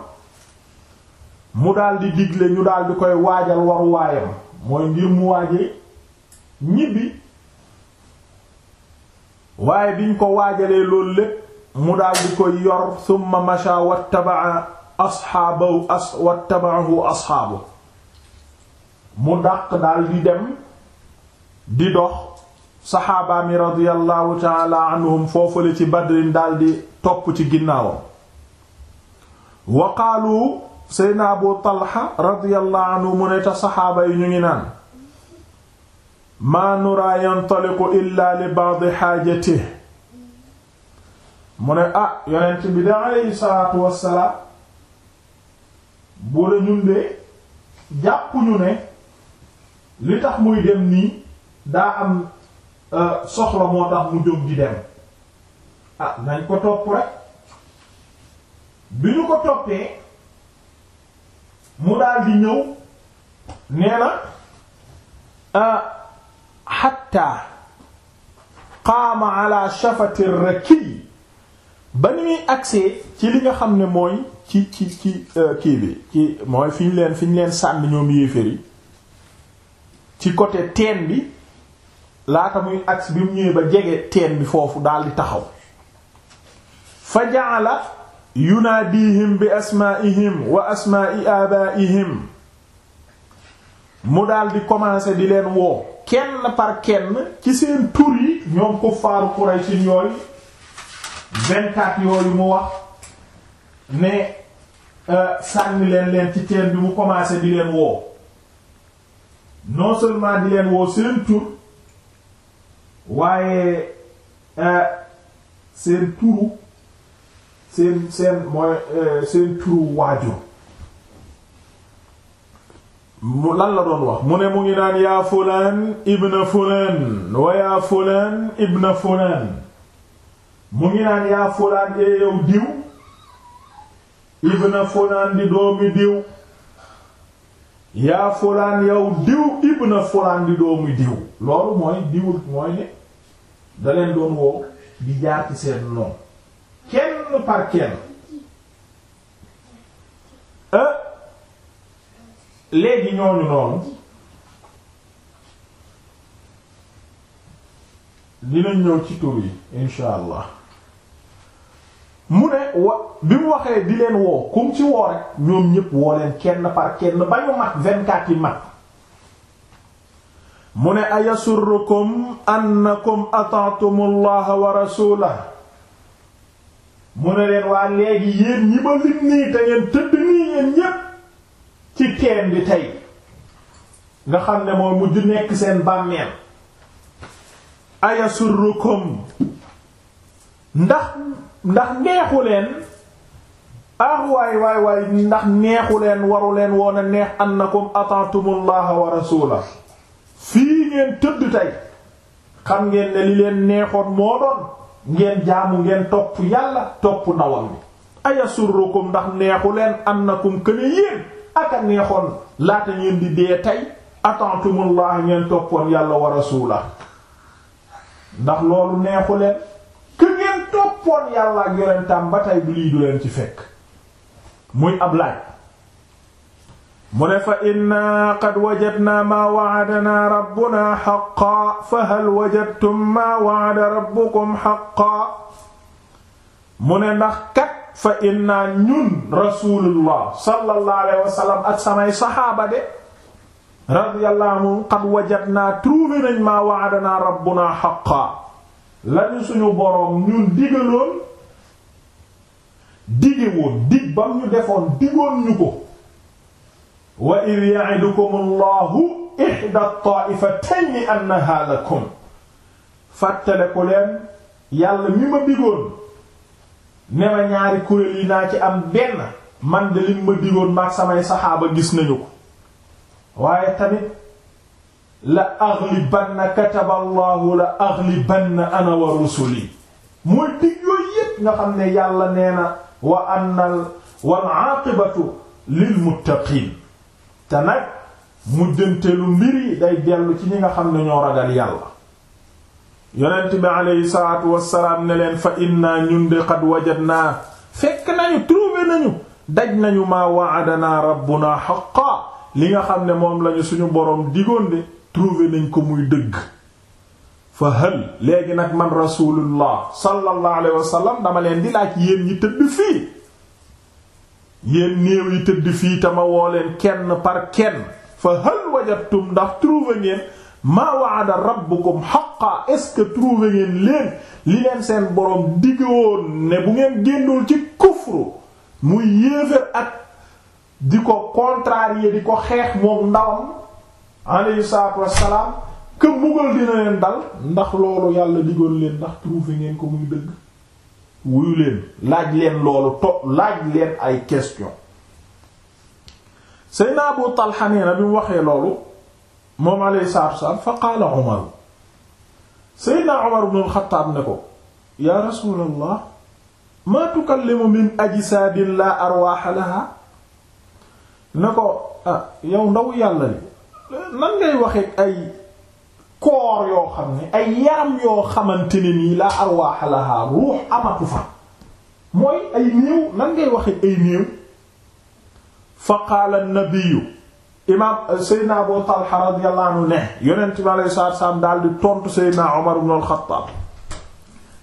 mu daldi digle ñu di koy waajal waru waayam mooy ngir mu waaje ñibbi waaye biñ ko waajalee loolu lépp mu daldi koy yor thumma masha wattaba'a asxaabahu as wattabahu asxaabuhu mu dàq daal di dem di dox saxaaba mi radiyallahu taala anhum foofale ci badrin daal di topp ci ginnaawam waqaalu seydna abu talha radiyallahu anhu mu ne te saxaaba yi ñu ngi naan maa nuraa yantaliqu illa li ba'di xaajatihi mu ne ah yonent bi da aleyhi salaatu wassalaam bu ñun de jàppuñu ne li tax muy dem nii daa am euh, soxla moo tax mu jóg di dem ah nañ ko topp rek bi ñu ko toppee mu daal di ñëw nee na euh, hatta qaama ala shafati raki ba ñuy muy agsee ci li nga xam ne mooy ci ci ci euh, kii bi ci mooy fi ñu leen fi ñu leen sànni ñoom yéeféer yi ci côté teen bi laata muy ags bi mu ñëwee ba jege teen bi foofu daal di taxaw fa ja'ala yunaadihim bi asmaa'ihim wa asmaa'i aabaa'ihim mu daal di commencer di leen woo kenn par kenn ci seen tur yi ñoom ko faaru Quraysh yooyu vingt-quatre yooyu mu wax ne euh, sànni leen leen ci teen bi mu commencer di leen woo non seulement di leen woo seen tur waaye euh, seen turu seen seen mooy euh, seen turu waajur mu lan la doon wax mu ne mu ngi naan yaa fulaan ibna fulaan wa mu ngi naan yaa fulaan ee yow diw ibna fulaan di doomi diw yaa fulaan yow diw ibna fulaan di doomu diw loolu mooy diwul mooy ne da doon woo di jaar ci seen noonu kenn par kenn euh, léegi ñooñu noonu dinañ ñëw ci tur yi insha mu ne wa bi mu waxee di leen woo comme ci woo ñoom ñëpp woo leen kenn par kenn ba ñu mat vingt-quatre yi mat mu ne ayasurrukum annakum ata'tumullaha wa rasulahu mu ne leen waa léegi yéen ñi ma lim nii te tëdd nii yéen ñépp ci teen bi tey nga xam ne mooy mujj nekk seen bàmmeel ayasurrukum ndax ndax neexu leen ah waay waay waay ndax neexu leen waru leen woon a neex annakum ata'tumullaha wa rasulahu fii ngeen tëdd tey xam ngeen ne li leen neexoon moo doon ngeen jaamu ngeen topp yàlla topp na ndawal bi ayasurrukum ndax neexu leen annakum këne yéen aka neexoon laata ngeen di dee tey ata'tumullaha ngeen toppoon yàlla wa rasulahu ndax loolu neexu leen toppoon yàlla ak ba tey lii du leen ci fekk muy ab laaj mu ne fa inna qad wajadna ma wa'adana rabbuna haqqan fa hal wajadtum ma wa'ada rabbukum haqqan mu ne ndax kat fa inna ñun rasulullah sallallahu alayhi ak samay saxaaba de radiyallahu qad wajadna trouvé ma wa'adana rabbuna haqqan lañu suñu boroom ñun digaloon dige woon ba mu ñu defoon digoon ñu ko wa id ya'idukum allahu ihda ta'ifatayni annaha lakum fàttale ko leen yàlla mi ma digoon ne ma ñaari kuréel yi naa ci am benn man de lim ma digoon maag samay saxaaba gis nañu ko waaye tamit la aghlibanna kataballahu la aghlibanna ana wa rusuli mooy dig yooyu yépp nga xam ne yàlla nee na wa annal wal aaqibatu lil muttaqiin te nag mujjantelu mbir yi day dellu ci ñi nga xam ne ñoo ragal yàlla yonent bi aleyhi salaatu wassalaam ne leen fa inna ñun de qad wajadnaa fekk nañu trouvé nañu daj nañu maa wa'adanaa rabbunaa haqqan li nga xam ne moom lañu suñu boroom digoon de trouvé nañ ko muy dëgg fa hal léegi nag man rasulullah sallallahu alayhi wa dama leen di laaj yéen ñi tëdd fii yéen néew yi tëdd fii te ma woo leen kenn par kenn fa hal wajadtum ndax trouvé ngeen maa wa'ada rabbukum haqqan est-ce que trouvé ngeen leen li leen seen boroom diggoon ne bu ngeen génnul ci kufru muy yéefér ak di ko contrarier di ko xeex moom ndawam alayhi salaatu wassalaam dina leen dal ndax loolu yàlla digoon leen ndax trouvé ngeen ko muy dëgg wuyu leen laaj leen loolu to laaj leen ay question Seydina Abu Talha nee na bi mu waxee loolu moom alayhi salaatu wassalaam fa qaala Umar Seydina Umar ibn al-Khattab ne ko yaa rasuulallah maa tukallimu min ajsaadin laa arwaaha lahaa ne ko ah, yow ndaw yàlla li nan ngay waxee ay koor yoo xam ne ay yaram yoo xamante ne nii laa arwaax lahaa ruux amatu fa mooy ay néew nan ngay waxee ay néew fa qaala an-nabiyyu imaam euh, Seydina Abu Talha radiyallahu anhu ne yonent bi alayhi salaatu salaam daal di tontu Seydina Omar ibn al-Khattab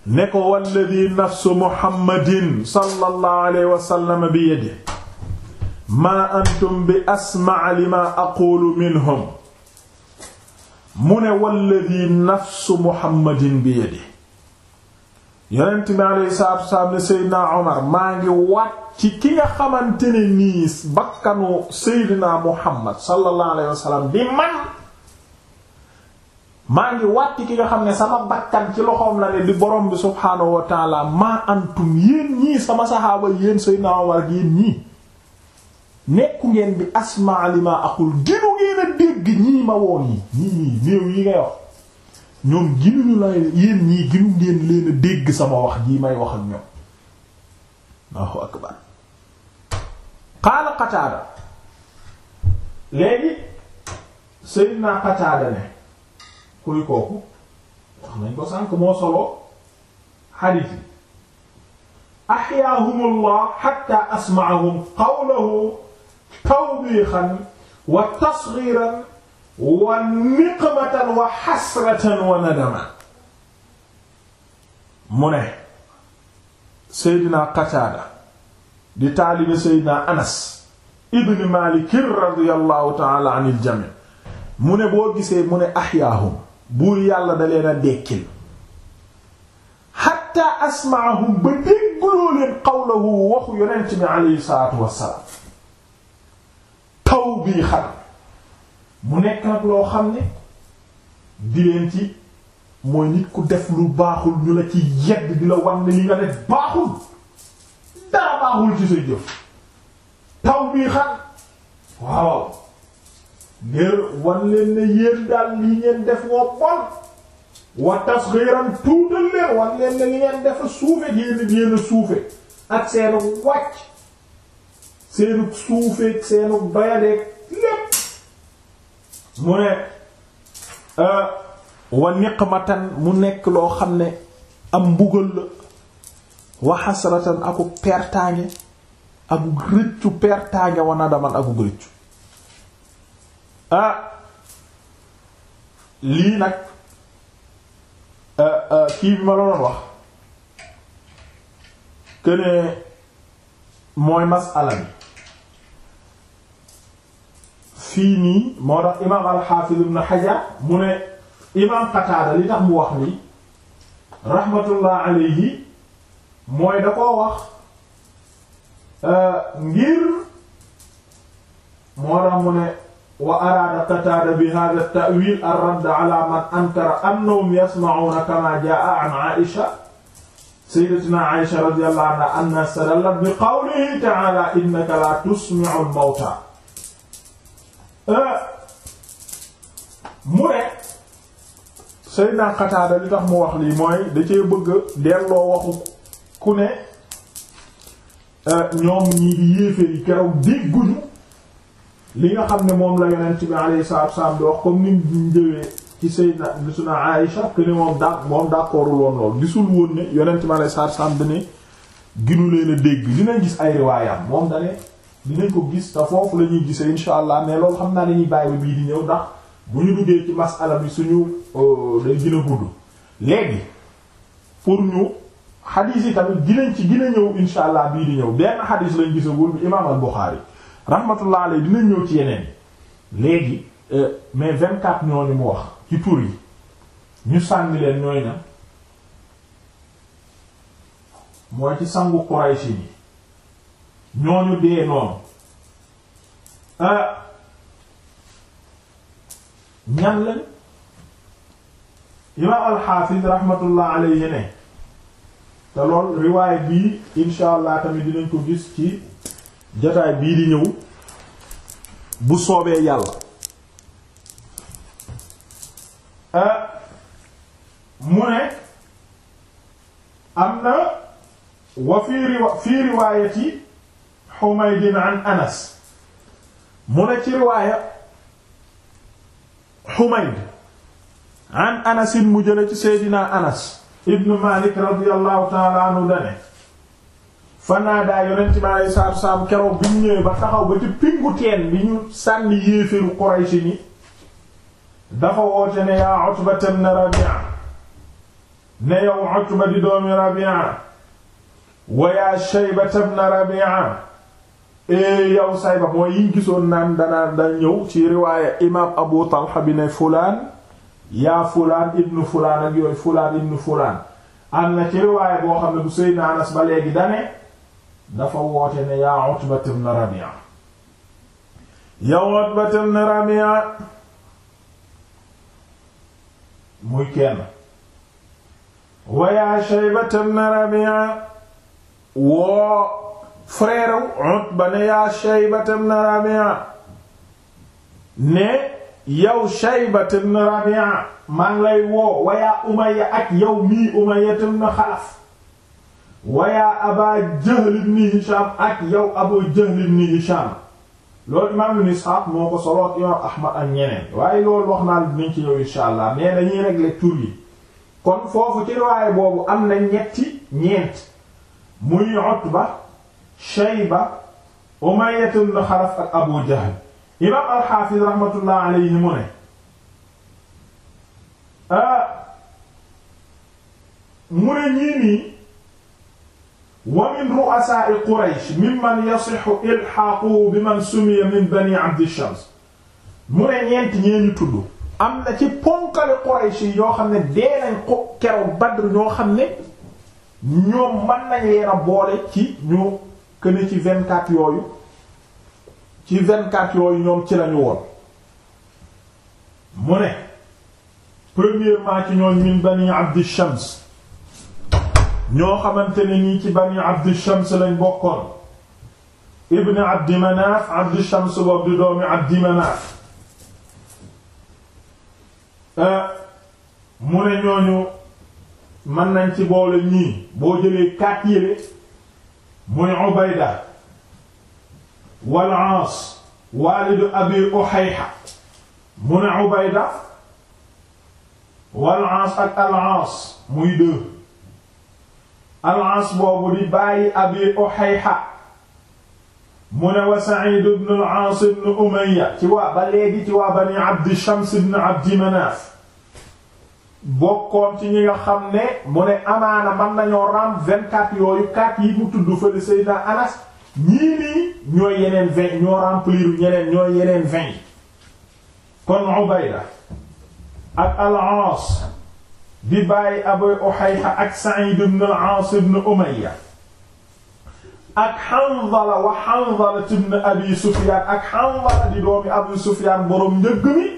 ne ko walladi nafsu Muhammadin sallallahu alayhi wa sallam bi yadihi maa antum bi asmaa lima aqulu minhum mu ne walladi nafsu muhammadin bi yadi yonent bi alayhi salaatu wasalaam ne seydina omar maa ngi waat ki nga xamante ne nii bakkanu seydina muhammad sallallahu alayhi wasallam bi man maa ngi waat ki nga xam ne sama bakkan ci loxoom la ne di borom bi subhaanahu wa maa antum yéen ñii sama saxaaba yéen seydina omar yéen ñii nekku ngeen bi asmaa li ma aqul ginu ngeen a dégg ñii ma woon yi ñii ñii néew yi ngay wax ñoom ginuñu la yéen ñii ginu ngeen leen a dégg sama wax jii may wax ak ñoom Allahu akbar qaala Qataada léegi Seydina Qataada ne tawbiixan wa tasxiiran wa niqmatan wa xasratan wa nadaman mu ne seydina qataada di taalibe seydina anas ibn malikin radiallahu taala an il jami mu ne boo gisee mu ne axyaahum buur yàlla da leen a dekkil xatta asmaahum ba déggloo leen qawlahu waxu yonent bi aleyhi salaatu wassalaam taw bii xar mu nekk nag loo xam ne di ci mooy nit ku def lu baaxul ñu la ci yedd di la wan ne li nga def baaxul daa baaxul ci sa jëf taw bii xar waaw ngir wan leen ne yéen daal li ngeen def moo bon wa tasxiiran tuutal leen wan leen ne li ngeen def suufe génn génn suufe ak seen wàcc seenug suufeeg seenug doyadeeg lépp mu ne euh, wa niqmatan mu nekk loo xam ne am mbugal la wa xasratan aku pertaange aku rëccu pertaange wa nadaman aku rëccu ah lii nag euh, euh, kii bi ma la wax que mooy masala bi fii nii moo tax imaam al-Hafiz ibn Hajar mu ne imaam Qatada li tax mu wax ni rahmatullah alayhi mooy da koo wax euh, ngir moo tax mu ne wa araada Qatada bi hadha at-ta'wil ar-radd ala man ankara annahum yasma'una kama jaa'a an Aisha sayyidatuna Aisha radiyallahu anha annaa istadallat bi qawlihi ta'ala innaka la tusmi'u al-mawta Euh, mu ne Seydina Qataada li tax mu wax lii mooy da cee bëgg delloo waxu ku ne euh, ñoom ñii di yéeféer yi keroog dégguñu li nga xam ne moom la yonent bi alayhi salaatu salaam di wax comme ni mu jëwee ci Seydina bi suna Aïcha que ne moom moom d'accordul woon gisul woon ne yonent bi alayhi salaatu salaam dane ginu leen a dégg dina gis ay riwaayam moom dane dinañ ko gis te foofu la ñuy gisee incha allah mais loolu xam naa dañuy bàyyi bii di ñëw ndax bu ñu duggee ci masala bi suñu euh, day gën a gudd léegi pour ñu xadiis yi tamit dinañ ci gën a ñëw incha allah bii di ñëw benn xadiis lañ gisagul bi imaam al-Bukhari rahmatullah alayhi dinañ ñëw ci yeneen léegi euh, mais 24 ñooñu mu wax ci tur yi ñu sànni leen ñooy na mooy ci sangu Quraysh yi ñooñu dee noonu ah, ñan lañ imaam alxaafis rahmatullah alayhi ne te lool riwaay bii insha tamit dinañ ko gis ci jotaay bii di ñëw bu soobee yàlla ah, mu ne am na wa fii riwa fii riwaayati Humaydin an Anas mu ne ci riwaaya Humayd an mu jële ci Seydina Anas ibn Malik radiyallahu ta'ala anhu dane fanaadaa yonent bi aleyhi salaatu wasalaam keroog bi ñu ñëwee ba taxaw ba ci pingu bi ñu sànni yéeféru Quraysh ni dafa woote ne yaa Utba ibn Rabi'a ne yow Utba di doomi Rabi'a wa yaa Shayba ibn Rabi'a Eh, yow sayba mooy yiñ gisoon naan danaa da ñëw ci riwaaya imam Abu Talha bi ne fulaan yaa fulaan ibnu fulaan ak yooyu fulaan ibnu fulaan am na ci riwaaya boo xam ne bu Seydina Anas ba léegi dane dafa woote ne yaa Utba ibn Rabi'a yaa woo frère Utba ne yaa Shaybata ibn Rabi'a ne yow Shaybata ibn Rabi'a maa ngi lay woo wayaa Umayya ak yow mii Umayya ibn Xalaf wayaa Aba Jahl ibn Hisham ak yow Abu Jahl ibn Hisham loolu imaam ibn Isxaaq moo ko solo imaam Ahmad ak ñeneen waaye loolu wax naa dinañ ci ñëw insha allah mais dañuy régler tur yi kon foofu ci riwaaye boobu am na ñetti ñeent muy Utba Shayba Umayya ibn Xalaf ak Abu Jahl imaam al-Hafiz rahmatullah alayhi mu ne ah, mu ne ñii nii wa min ru'asaa'i Quraysh mimman yasihhu ilhaaquhu biman sumiya min bani Abd Shams mu ne ñeent ñeeñu tudd am na ci ponkale Quraysh yi yoo xam ne dee nañ ko keroog Badr ñoo xam ne ñoom mën nañ leen a boole ci ñu que ne ci vingt quatre yooyu ci vingt quatre yooyu ñoom ci lañu woon mu ne premièrement ci ñoon min bani abdi shams ñoo xamante ne nii ci bani abdi shams lañ bokkoon ibn abdi manaaf abdi shams boobu doomi abdi manaaf euh, mu ne ñooñu mën nañ ci boole ñii boo jëlee quatre yële muy Ubayda wal Aas waalidu Abi Uhayha mu ne Ubayda wal Aas ak al Aas muy deux al Aas boobu di bàyyi Abi Uhayha mu ne wa Sa'id ibn al Aas ibn Umayya ci waa ba léegi ci waa Bani Abdi Shams ibn Abdi Manaf bokkoon ci ñi nga xam ne mu ne amaana man nañoo ram vingt-quatre yooyu quatre yi mu tudd fële Seydina Anas ñii nii ñooy yeneen vingt ñoo remplir ñeneen ñooy yeneen vingt yi kon Ubayda ak al-Aas di bàyyi Abu Uhayha ak Sa'id ibn al-Aas ibn Umayya ak Hanzala wa Hanzala ibn Abi Sufyan ak Hanzala di doomi Abu Sufyan boroom njëgg mi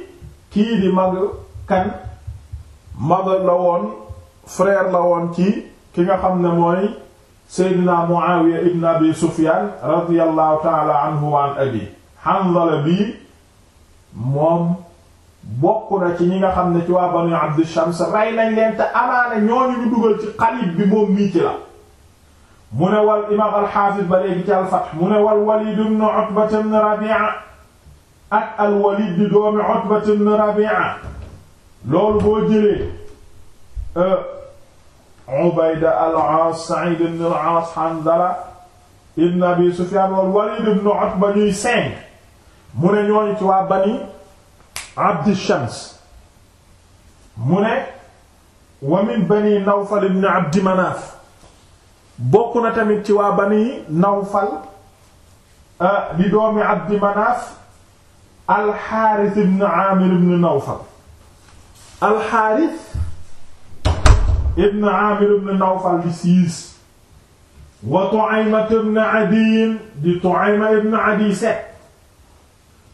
kii di mag kan mag la woon frère la woon ci ki nga xam ne mooy Seydina Muawiya ibn Abi Sufyan radiyallahu taala anhu wa an abi Hanzala bii moom bokk na ci ñi nga xam ne ci waa Banu Abd Shams rey nañ leen te amaana ñooñu ñu dugal ci xalib bi moom mii ci la mu ne wal imaam al-Hafiz ba léegi ci al-Fath mu ne wal Walid ibn Utba ibn Rabi'a ak al-Walid di doomi Utba ibn Rabi'a loolu boo jëlee euh, Ubayda al-Aas Sa'id ibn al-Aas ibn Abi Sufyan wal Walid ibn Utba ñuy cinq mu ne ñooñu ci waa Bani Abd Shams mu ne wa min Bani Nawfal ibn Abd Manaf bokk na tamit ci waa Bani Nawfal euh, di doomi Abd Manaf al-Harith ibn Amir ibn Nawfal alxaaris ibn amir ibn nawfal di six wa tuayma ibn adiyin di tuayma ibn adiy set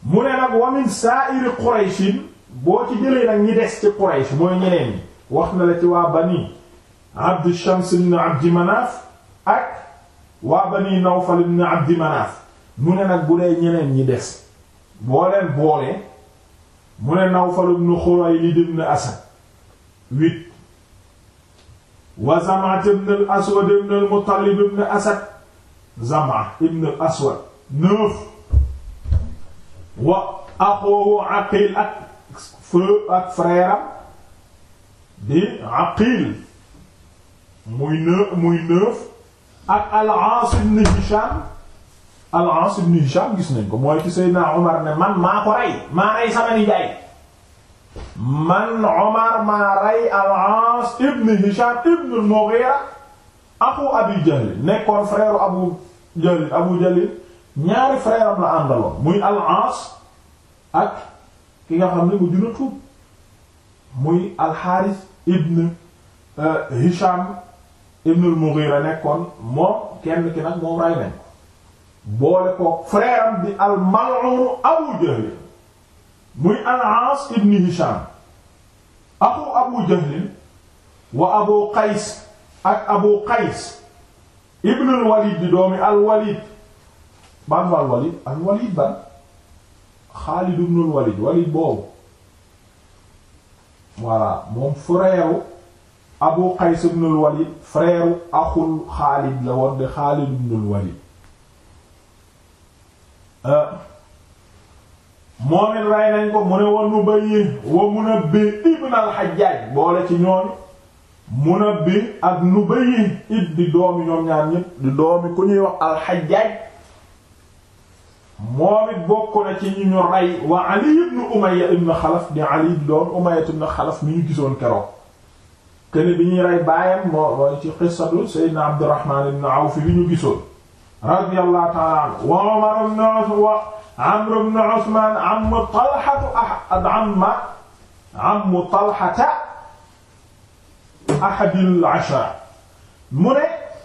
mu ne nag wa min sa'iri qurayshin boo ci jëlee nag ñi des ci quraysh mooy ñeneen ñi wax na la ci waa bani abd shams ibn abd manaaf ak waa bani nawfal ibn abd manaaf mu ne nag bu dee ñeneen ñi des boo leen boolee mu ne Nawfal ibn Xuwaylid ibn Asad huit wa Zam'a ibn al-Aswad ibn al-Muttalib ibn Asad Zam'a ibn al-Aswad neuf wa axoohu Aqil ak feu ak frère am di Aqil muy neuf muy neuf ak al-Aas ibn Hisham al-As ibn Hisham gis nañ ko mooy ci Seydina Omar maa ko rey maa rey sama nijaay man Omar maa rey al-As ibn Hisham ibn al-Mughira axu Abi Jahl nekkoon frère Abu Jahl Abu Jahl ñaari frère muy al-As ak ki nga xam ne mu dina tuub muy al-Harith ibn euh, Hisham ibn al-Mughira nekkoon moom kenn ki nag moom rey nañ boole ko frère am di al mal'un Abu Jahl muy al-Aas ibn Hisham axu Abu Jahl wa Abu Qays ak Abu Qays ibn al-Walid di doomi al-Walid ban al-Walid al-Walid ban Xaalid ibn al-Walid Walid boobu voilà moom frère Abu Qays ibn al-Walid frère axul Xaalid la woon de ibn al-Walid Euh, moom it rey nañ ko mu ne wa Nubayy wa Munabbi ibn al-Hajjaj boole ci ñoom Munabbi ak Nubayy it di doomi ñoom ñaar ñépp di doomi ku ñuy wax al-Hajjaj moom it bokk na ci ñu ñu rey wa Ali ibn Umayya ibn Xalaf di Ali di doom Umayya ibn Xalaf mi ñu gisoon keroog këne bi ñuy rey baayam moo ci qissatu Sayyidina Abdurrahman ibn Awf bi ñu gisoon radiyallahu ta'ala anhu wa Umar ibn Usman wa Amr ibn Usman am Talha amma am Talha ahadil ashara mu ne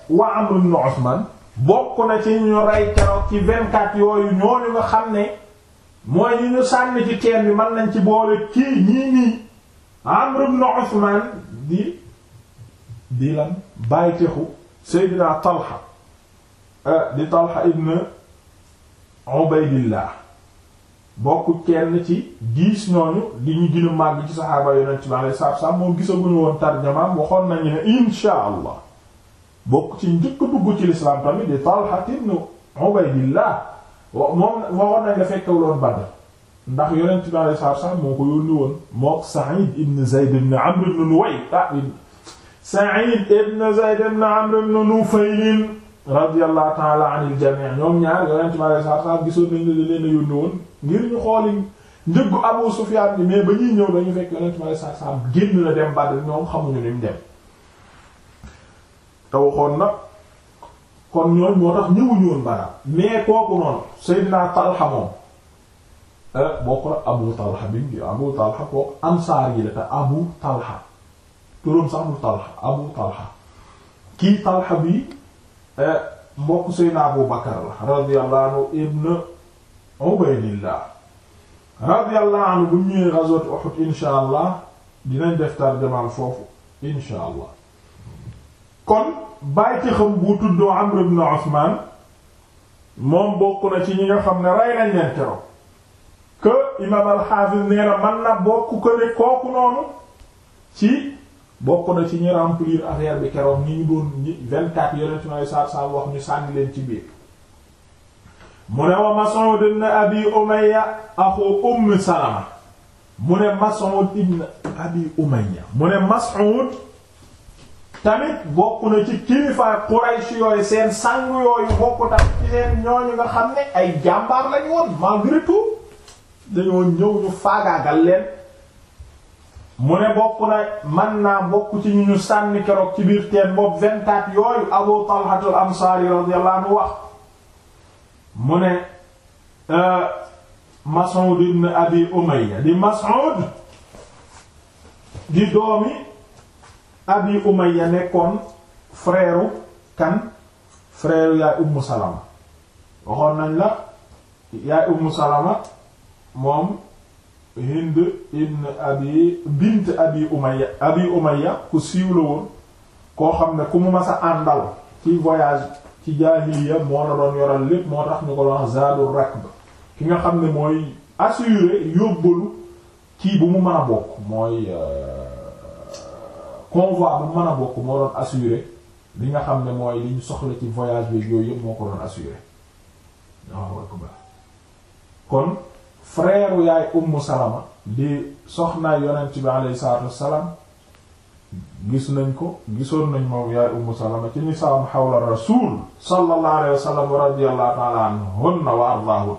wa Amr ibn Usman bokk na ci ñu rey keroog ci vingt-quatre yooyu ñooñu nga xam ne mooy ñu ñu sànni ci teen bi mën nañ ci boole kii ñii nii Amr ibn Usman di di lan bàyyi texu Seydina Talha Euh, di Talha ibn Ubaydillah bokk kenn ci diis ñooñu li ñu gën a ci saxaaba yonent bi alayhi salaatu salaam moom gisaguñu woon tarjamaam waxoon nañu ne insha allah bokk ci njëkk dugg ci lislaam tamit di Talha ibn Ubaydillah wa moom waxoon nañ la fekkewuloon Badr ndax yonent bi alayhi moo ko yónni woon moo Sa'id ibn Zayd ibn Amr ibn Nuwayh ah, Sa'id ibn Zayd ibn Amr ibn Nufayl radiyallahu ta'ala anil jami' ñoom ñaar yonent ma lay sarsam gisoon nañ ne leen a yónni woon ngir ñu xooli njëggu Abu Sufyaan mais ba ñuy ñëw dañu fekk yonent ma lay génn na dem Badr ñoom xamuñu ni mu dem te waxoon na kon ñooñ moo tax ñëwuñu woon mais kooku noonu Seydina Talha moom eh, bokk la Abu Talha bi ngi Abu Talha kooku ansaar yi la Abu Talha turam sax mu Talha Abu Talha kii Talha bi Eh, mbokk Seydina Abu Bakar la radiyallahu anhu ibn Ubaydillah radiyallahu anhu bu ñëwee ghazwat Uhud insha allah dinañ def tarjamaal foofu insha allah kon bàyti xam bu tuddoo Amr ibn Usman moom bokk na ci ñi nga xam ne rey nañ leen keroog que imaam al-Hafiz nee na mën na bokk ko ne kooku noonu ci bokk na ci ñu remplir affaire bi keroog ni ñu doon ñi vingt-quatre yonent saar saar wax ñu sànni leen ci biir mu ne wa Mas'ud ibn Abi Umayya axu Umm Salama mu ne Mas'ud ibn Abi Umayya mu ne Mas'ud tamit bokk ci kilifa Quraysh yooyu seen sang yooyu bokk tam ci seen ñooñu nga xam ne ay jàmbaar lañu woon malgré tout dañoo ñëw ñu faagaagal leen mu ne bokk na man naa bokk ci ñu ñu sànni keroog ci biir teen boobu vingt-quatre yooyu Abu Talha al-Ansari radiyallahu anhu wax mu ne euh, Mas'ud ibn Abi Umayya di Mas'ud di doomi Abi Umayya nekkoon frère kan frère yaay Ummu Salama waxoon nañ la yaay Ummu Salama moom Hind ibn Abi bint Abi Umayya Abi Umayya ku siiw la woon koo xam ne ku mu mas a àndal ci voyage ci jaahiliya moo la doon yoral lépp moo tax ñu ko doon wax zaadu rakb nga xam ne mooy assuré yóbbalu kii bu mu mën a euh, li nga xam ne mooy li ñu soxla ci voyage bi yooyu yëpp moo ko doon assuré kon frère yaay ummu salama di soxnaay yonent bi alayhi salaatu gis nañ ko gisoon nañ moom yaay ummu salama ci nisaam xawla rasul sallallahu alayhi wa ta'ala anhunna wa ardaahun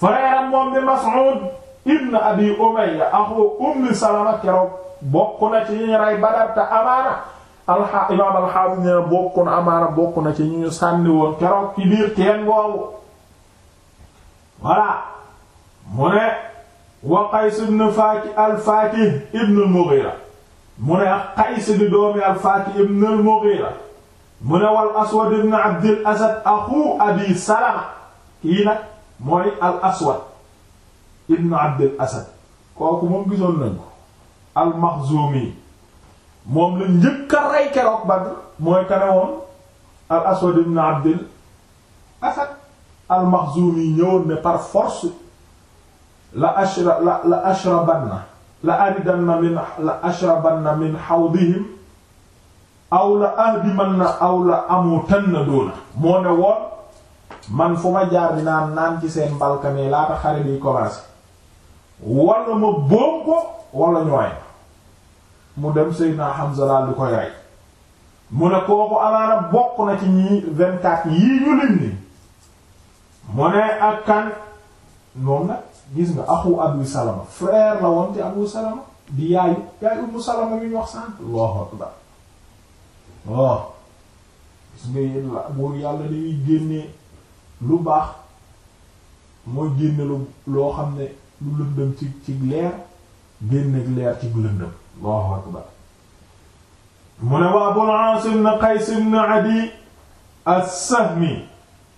frère moom di mas'ud ibn abi umayya axu ummi salama keroog bokk na ci ñu rey badar amaana alxa imaam alxaafis nee bokk na amaana bokk na ci ñu sànni woon keroog ci biir teen boobu voilà mu ne wa qays ibn faaki al-faakih ibn mu ne ak qays di doomi al-faakih ibn mu ne wal aswad ibn abdil asad axu abi salama kii nag mooy al aswad abdil asad kooku moom gisoon nañ ko al moom la njëkk rey keroog Badr mooy kane woon al abdil asad al-maxzumi ne par force la ashra la la ashrabanna la aridanna min la ashrabanna min hawdihim aw la ahdimanna aw la amutanna doona moo ne woon man fu ma jaar bi naan naan ci seen balkane laata xare biy commencé wala ma bóom ko wala ñooy mu dem Seydina Hamza laal koy rey mu ne kooku alaana bokk na ci ñi vingt-quatre yii ñu lim ni mu ne ak kan moom nag gis nga axu Abu Salama frère la woon te Abu Salama di yaayu yaayu Ummu Salama mi wax sànq Allahu akbar waaw oh. gis nga yéen la buur yàlla dañuy génnee lu baax mooy génne lu loo xam ne lu lëndëm ci ci leer génne leer ci lëndëm Allahu akbar mu ne wa Abul Aas ibn Qays ibn Adi as-Sahmi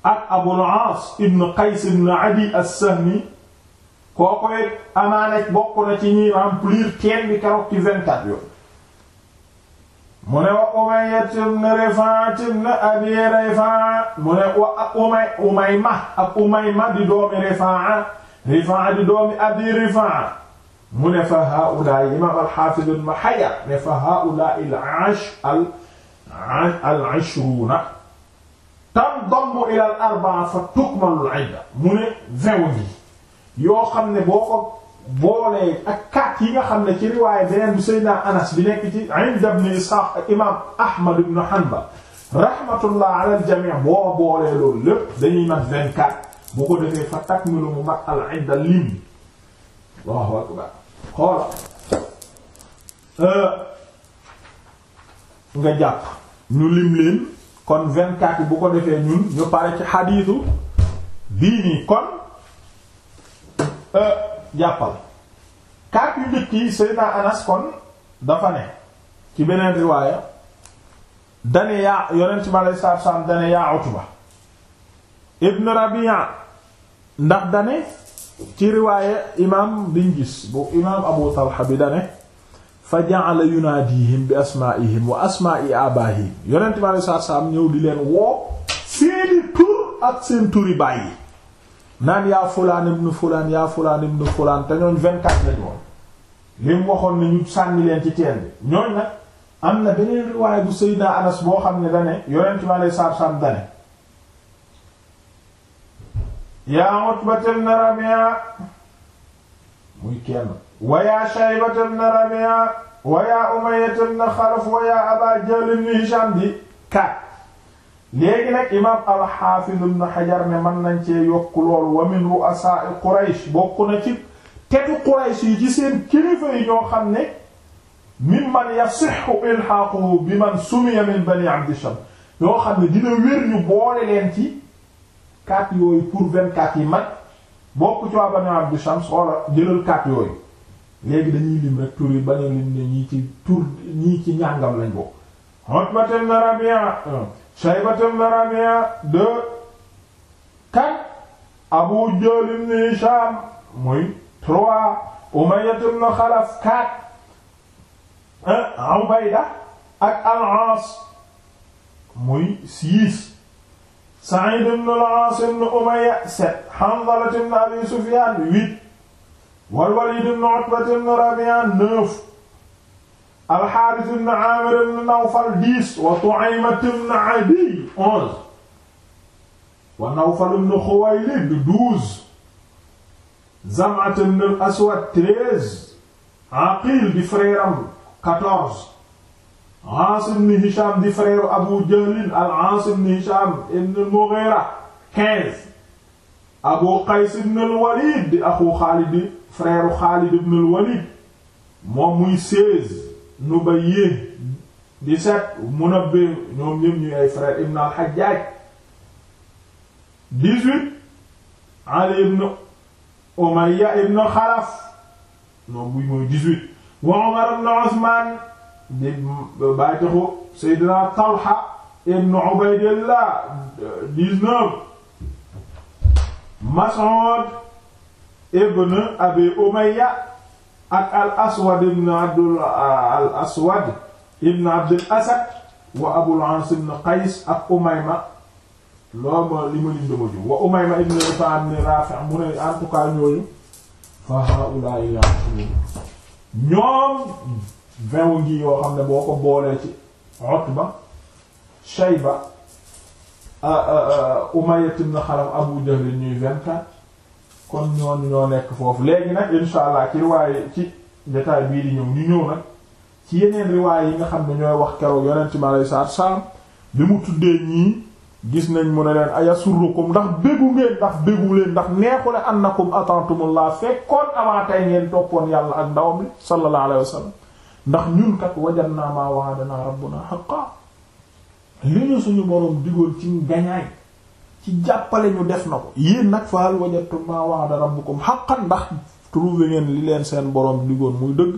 ak Abul Aas ibn Qays ibn Adi as-Sahmi kooko it amaana bokk na ci ñi remplir teen bi keroog ci vingt-quatre yoon mu ne wa Umayya ibn Rifaa ibn Abi Rifaa mu ne wa Umay Umayma ak Umayma di doomi Rifaa Rifaa di doomi Abi Rifaa mu ne fa haa'ulaa imaam al-Haafiz ibn Hajar ne fa haa'ulaa al-'ashruuna tanḍammu ilaa al-arba'a fa tukmalu al-'idda mu ne vingt yoo xam ne boo ko boolee ak kaat yi nga xam ne ci riwaaye beneen bu Seydina Anas bi nekk ci inda ibn Ishaq ak imaam Ahmad ibn Hanbal rahmatullah ala al-jami' boo boolee loolu lépp dañuy mat 24 ko defee fa takmilu mu mat al inda lim Allahu akbar xoola euh, nga jàpp ñu lim leen kon 24 bu ko defee ñun ñu pare ci xadiisu bii kon Euh, jàppal kaat yu njëkk yi Seydina Anas kon dafa ne ci beneen riwaaya dane yaa yonent bi aleyhi salaatu yaa Utba ibn Rabi'a ndax dane ci riwaaya imaam biñ gis bu imaam Abu Talha bi dane fa ja'ala yunaadihim bi asmaa'ihim wa asmaa'i abaahim yonent bi aleyhi ñëw di leen woo seeni tur ak seen turi baay naan yaa fulaan ibnu fulaan yaa fulaan ibnu fulaan te ñooñ vingt-quatre lañu woon li waxoon ne ñu sànni leen ci teen bi ñooñ nag am na beneen riwaay bu Seydina Anas boo xam ne dane yonent bi alei saatu salaam dane yaa Utbata ibn Rabi'a muy kenn wa yaa Shaybata ibn Rabi'a wa yaa Umayyata ibn Xalaf wa yaa Abaa Jahl ibn Hishaam di kat léegi nag imaam al-Hafiz ibn Hajar ne mën nañ cee yokk lool wa min ru'asa'i Quraysh bokk na ci tetu Quraysh yi ci seen kilifa yi ñoo xam ne mimman yasihhu ilhaquhu bi man sumiya min bani Abd Shams ñoo xam ne dina wér ñu boole leen ci quatre yooyu pour vingt-quatre yi mag bokk ci waa bani Abd Shams wala jëlal quatre yooyu léegi dañuy lim rek tur yi bañ lim ne ñii ci tur ñii ci ñàngam lañ bokk Utbah ibn Rabi'a Shaybat ibn Rabi'a de quatre Abu Jahl ibn Hisham muy trois Umayya ibn Khalaf quatre Ubayda ak al-Aas muy six Sa'id ibn al-As ibn Umayya sept Hanzala ibn Abi Sufyan huit wal Walid ibn Utba ibn Rabi'a neuf al-Haaris ibn Aamir ibn Nawfal dix wa Tu'ayma ibn Adiy onze wa Nawfal ibn Xuwaylid douze Zam'a ibn al-Aswad treize Aqil di frère am quatorze Aas ibn Hisham di frère Abu Jahl al-Aas ibn Hisham ibn al-Mughira quinze Abu Qays ibn al-Walid di axu Xaalid di frère Xaalid ibn al-Walid moom muy seize Nubayy di set Munabbih ñoom ñëpp ñuy ay frère Ibn al-Hajjaj dix-huit Ali ibn Umayya ibn Xalaf ñoom bu mooy dix-huit wa Umar ibn Usman di bàytaxu Seydina Talha ibn Ubaydillah dix-neuf Mas'ud ibn Abi Umayya ak al aswad ibn abdul ah, aswad ibn abdul asad wa abul ans ibn qays ak umayma loolu ma li ma dama jum wa umayma ibn rifaa ibn rafi mu ne en tout cas ñooñu fa haula ila ñoom vingt ngi yoo xam ne boo ko boolee ci utba shayba ah, ah, umayya ibn xalam abu jahl ñuy vingt kon ñoon ñoo nekk foofu léegi nag insha allah ci riwaaye ci jotaay bii di ñëw ñu ñëw nag ci yeneen riwaaye yi nga xam ne ñooy wax keroog yonent mi alayhi salaatu salaam bi mu tuddee ñii gis nañ mu ne leen ayasurrukum ndax bëggu ngeen ndax bëggu leen ndax neexu ne annakum atantumullah fekkoon avant tey ngeen toppoon yàlla ak ndawam li sallallahu alayhi wasallam ndax ñun kat wajadna ma wa'adana rabbuna haqqan li ñu suñu boroom digoon ci ngañaay ci jàppale ñu def na ko yéen nag faal wajadtum ma wa'ada rabbukum haqqan ndax trouvé ngeen li leen seen boroom digoon muy dëgg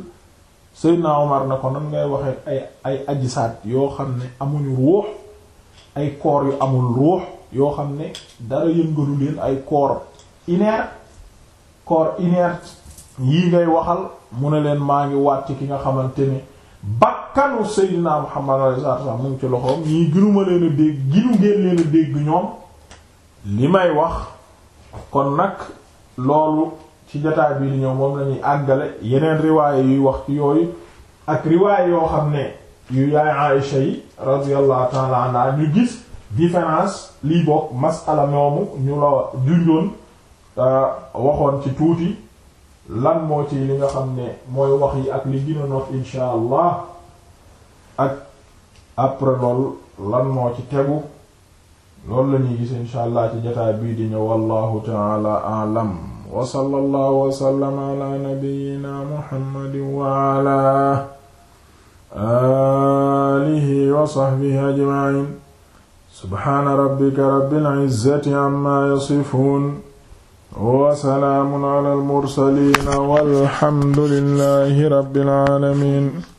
Seydina Omar na ko nan ngay waxee ay ay ajisaat yoo xam ne amuñu ruux ay koor yu amul ruux yoo xam ne dara yëngalu leen ay koor inerte koor inerte yii ngay waxal mu ne leen maa ngi wàcc ki nga xamante ne bakkanu Seydina Muhammad sallallahu alayhi wasallam mu ngi ci loxoom ñii ginu ma leen a dégg ginu ngeen leen a dégg ñoom li may wax kon nag loolu ci jotaay bii di ñëw moom lañuy àggale yeneen riwaaye yuy wax ci yooyu ak riwaaye yoo xam ne yu yaay Aïcha yi radiyallahu ta'ala anha ñu gis différence lii bokk masala moomu ñu la junjoon euh, waxoon ci tuuti lan moo ci li nga xam ne mooy wax yi ak li gën a insha allah ak après loolu lan moo ci tegu loolu la ñuy gis insha allah ci jotaay bii di ñëw wallahu ta'ala a'lam wa sallallahu wa sallama ala nabiyyina muhammadin wa ala alihi wa sahbihi ajma'in subhana rabbika rabbil izzati amma yasifun wa salaamun ala al mursalin walhamdulillahi rabbil alamin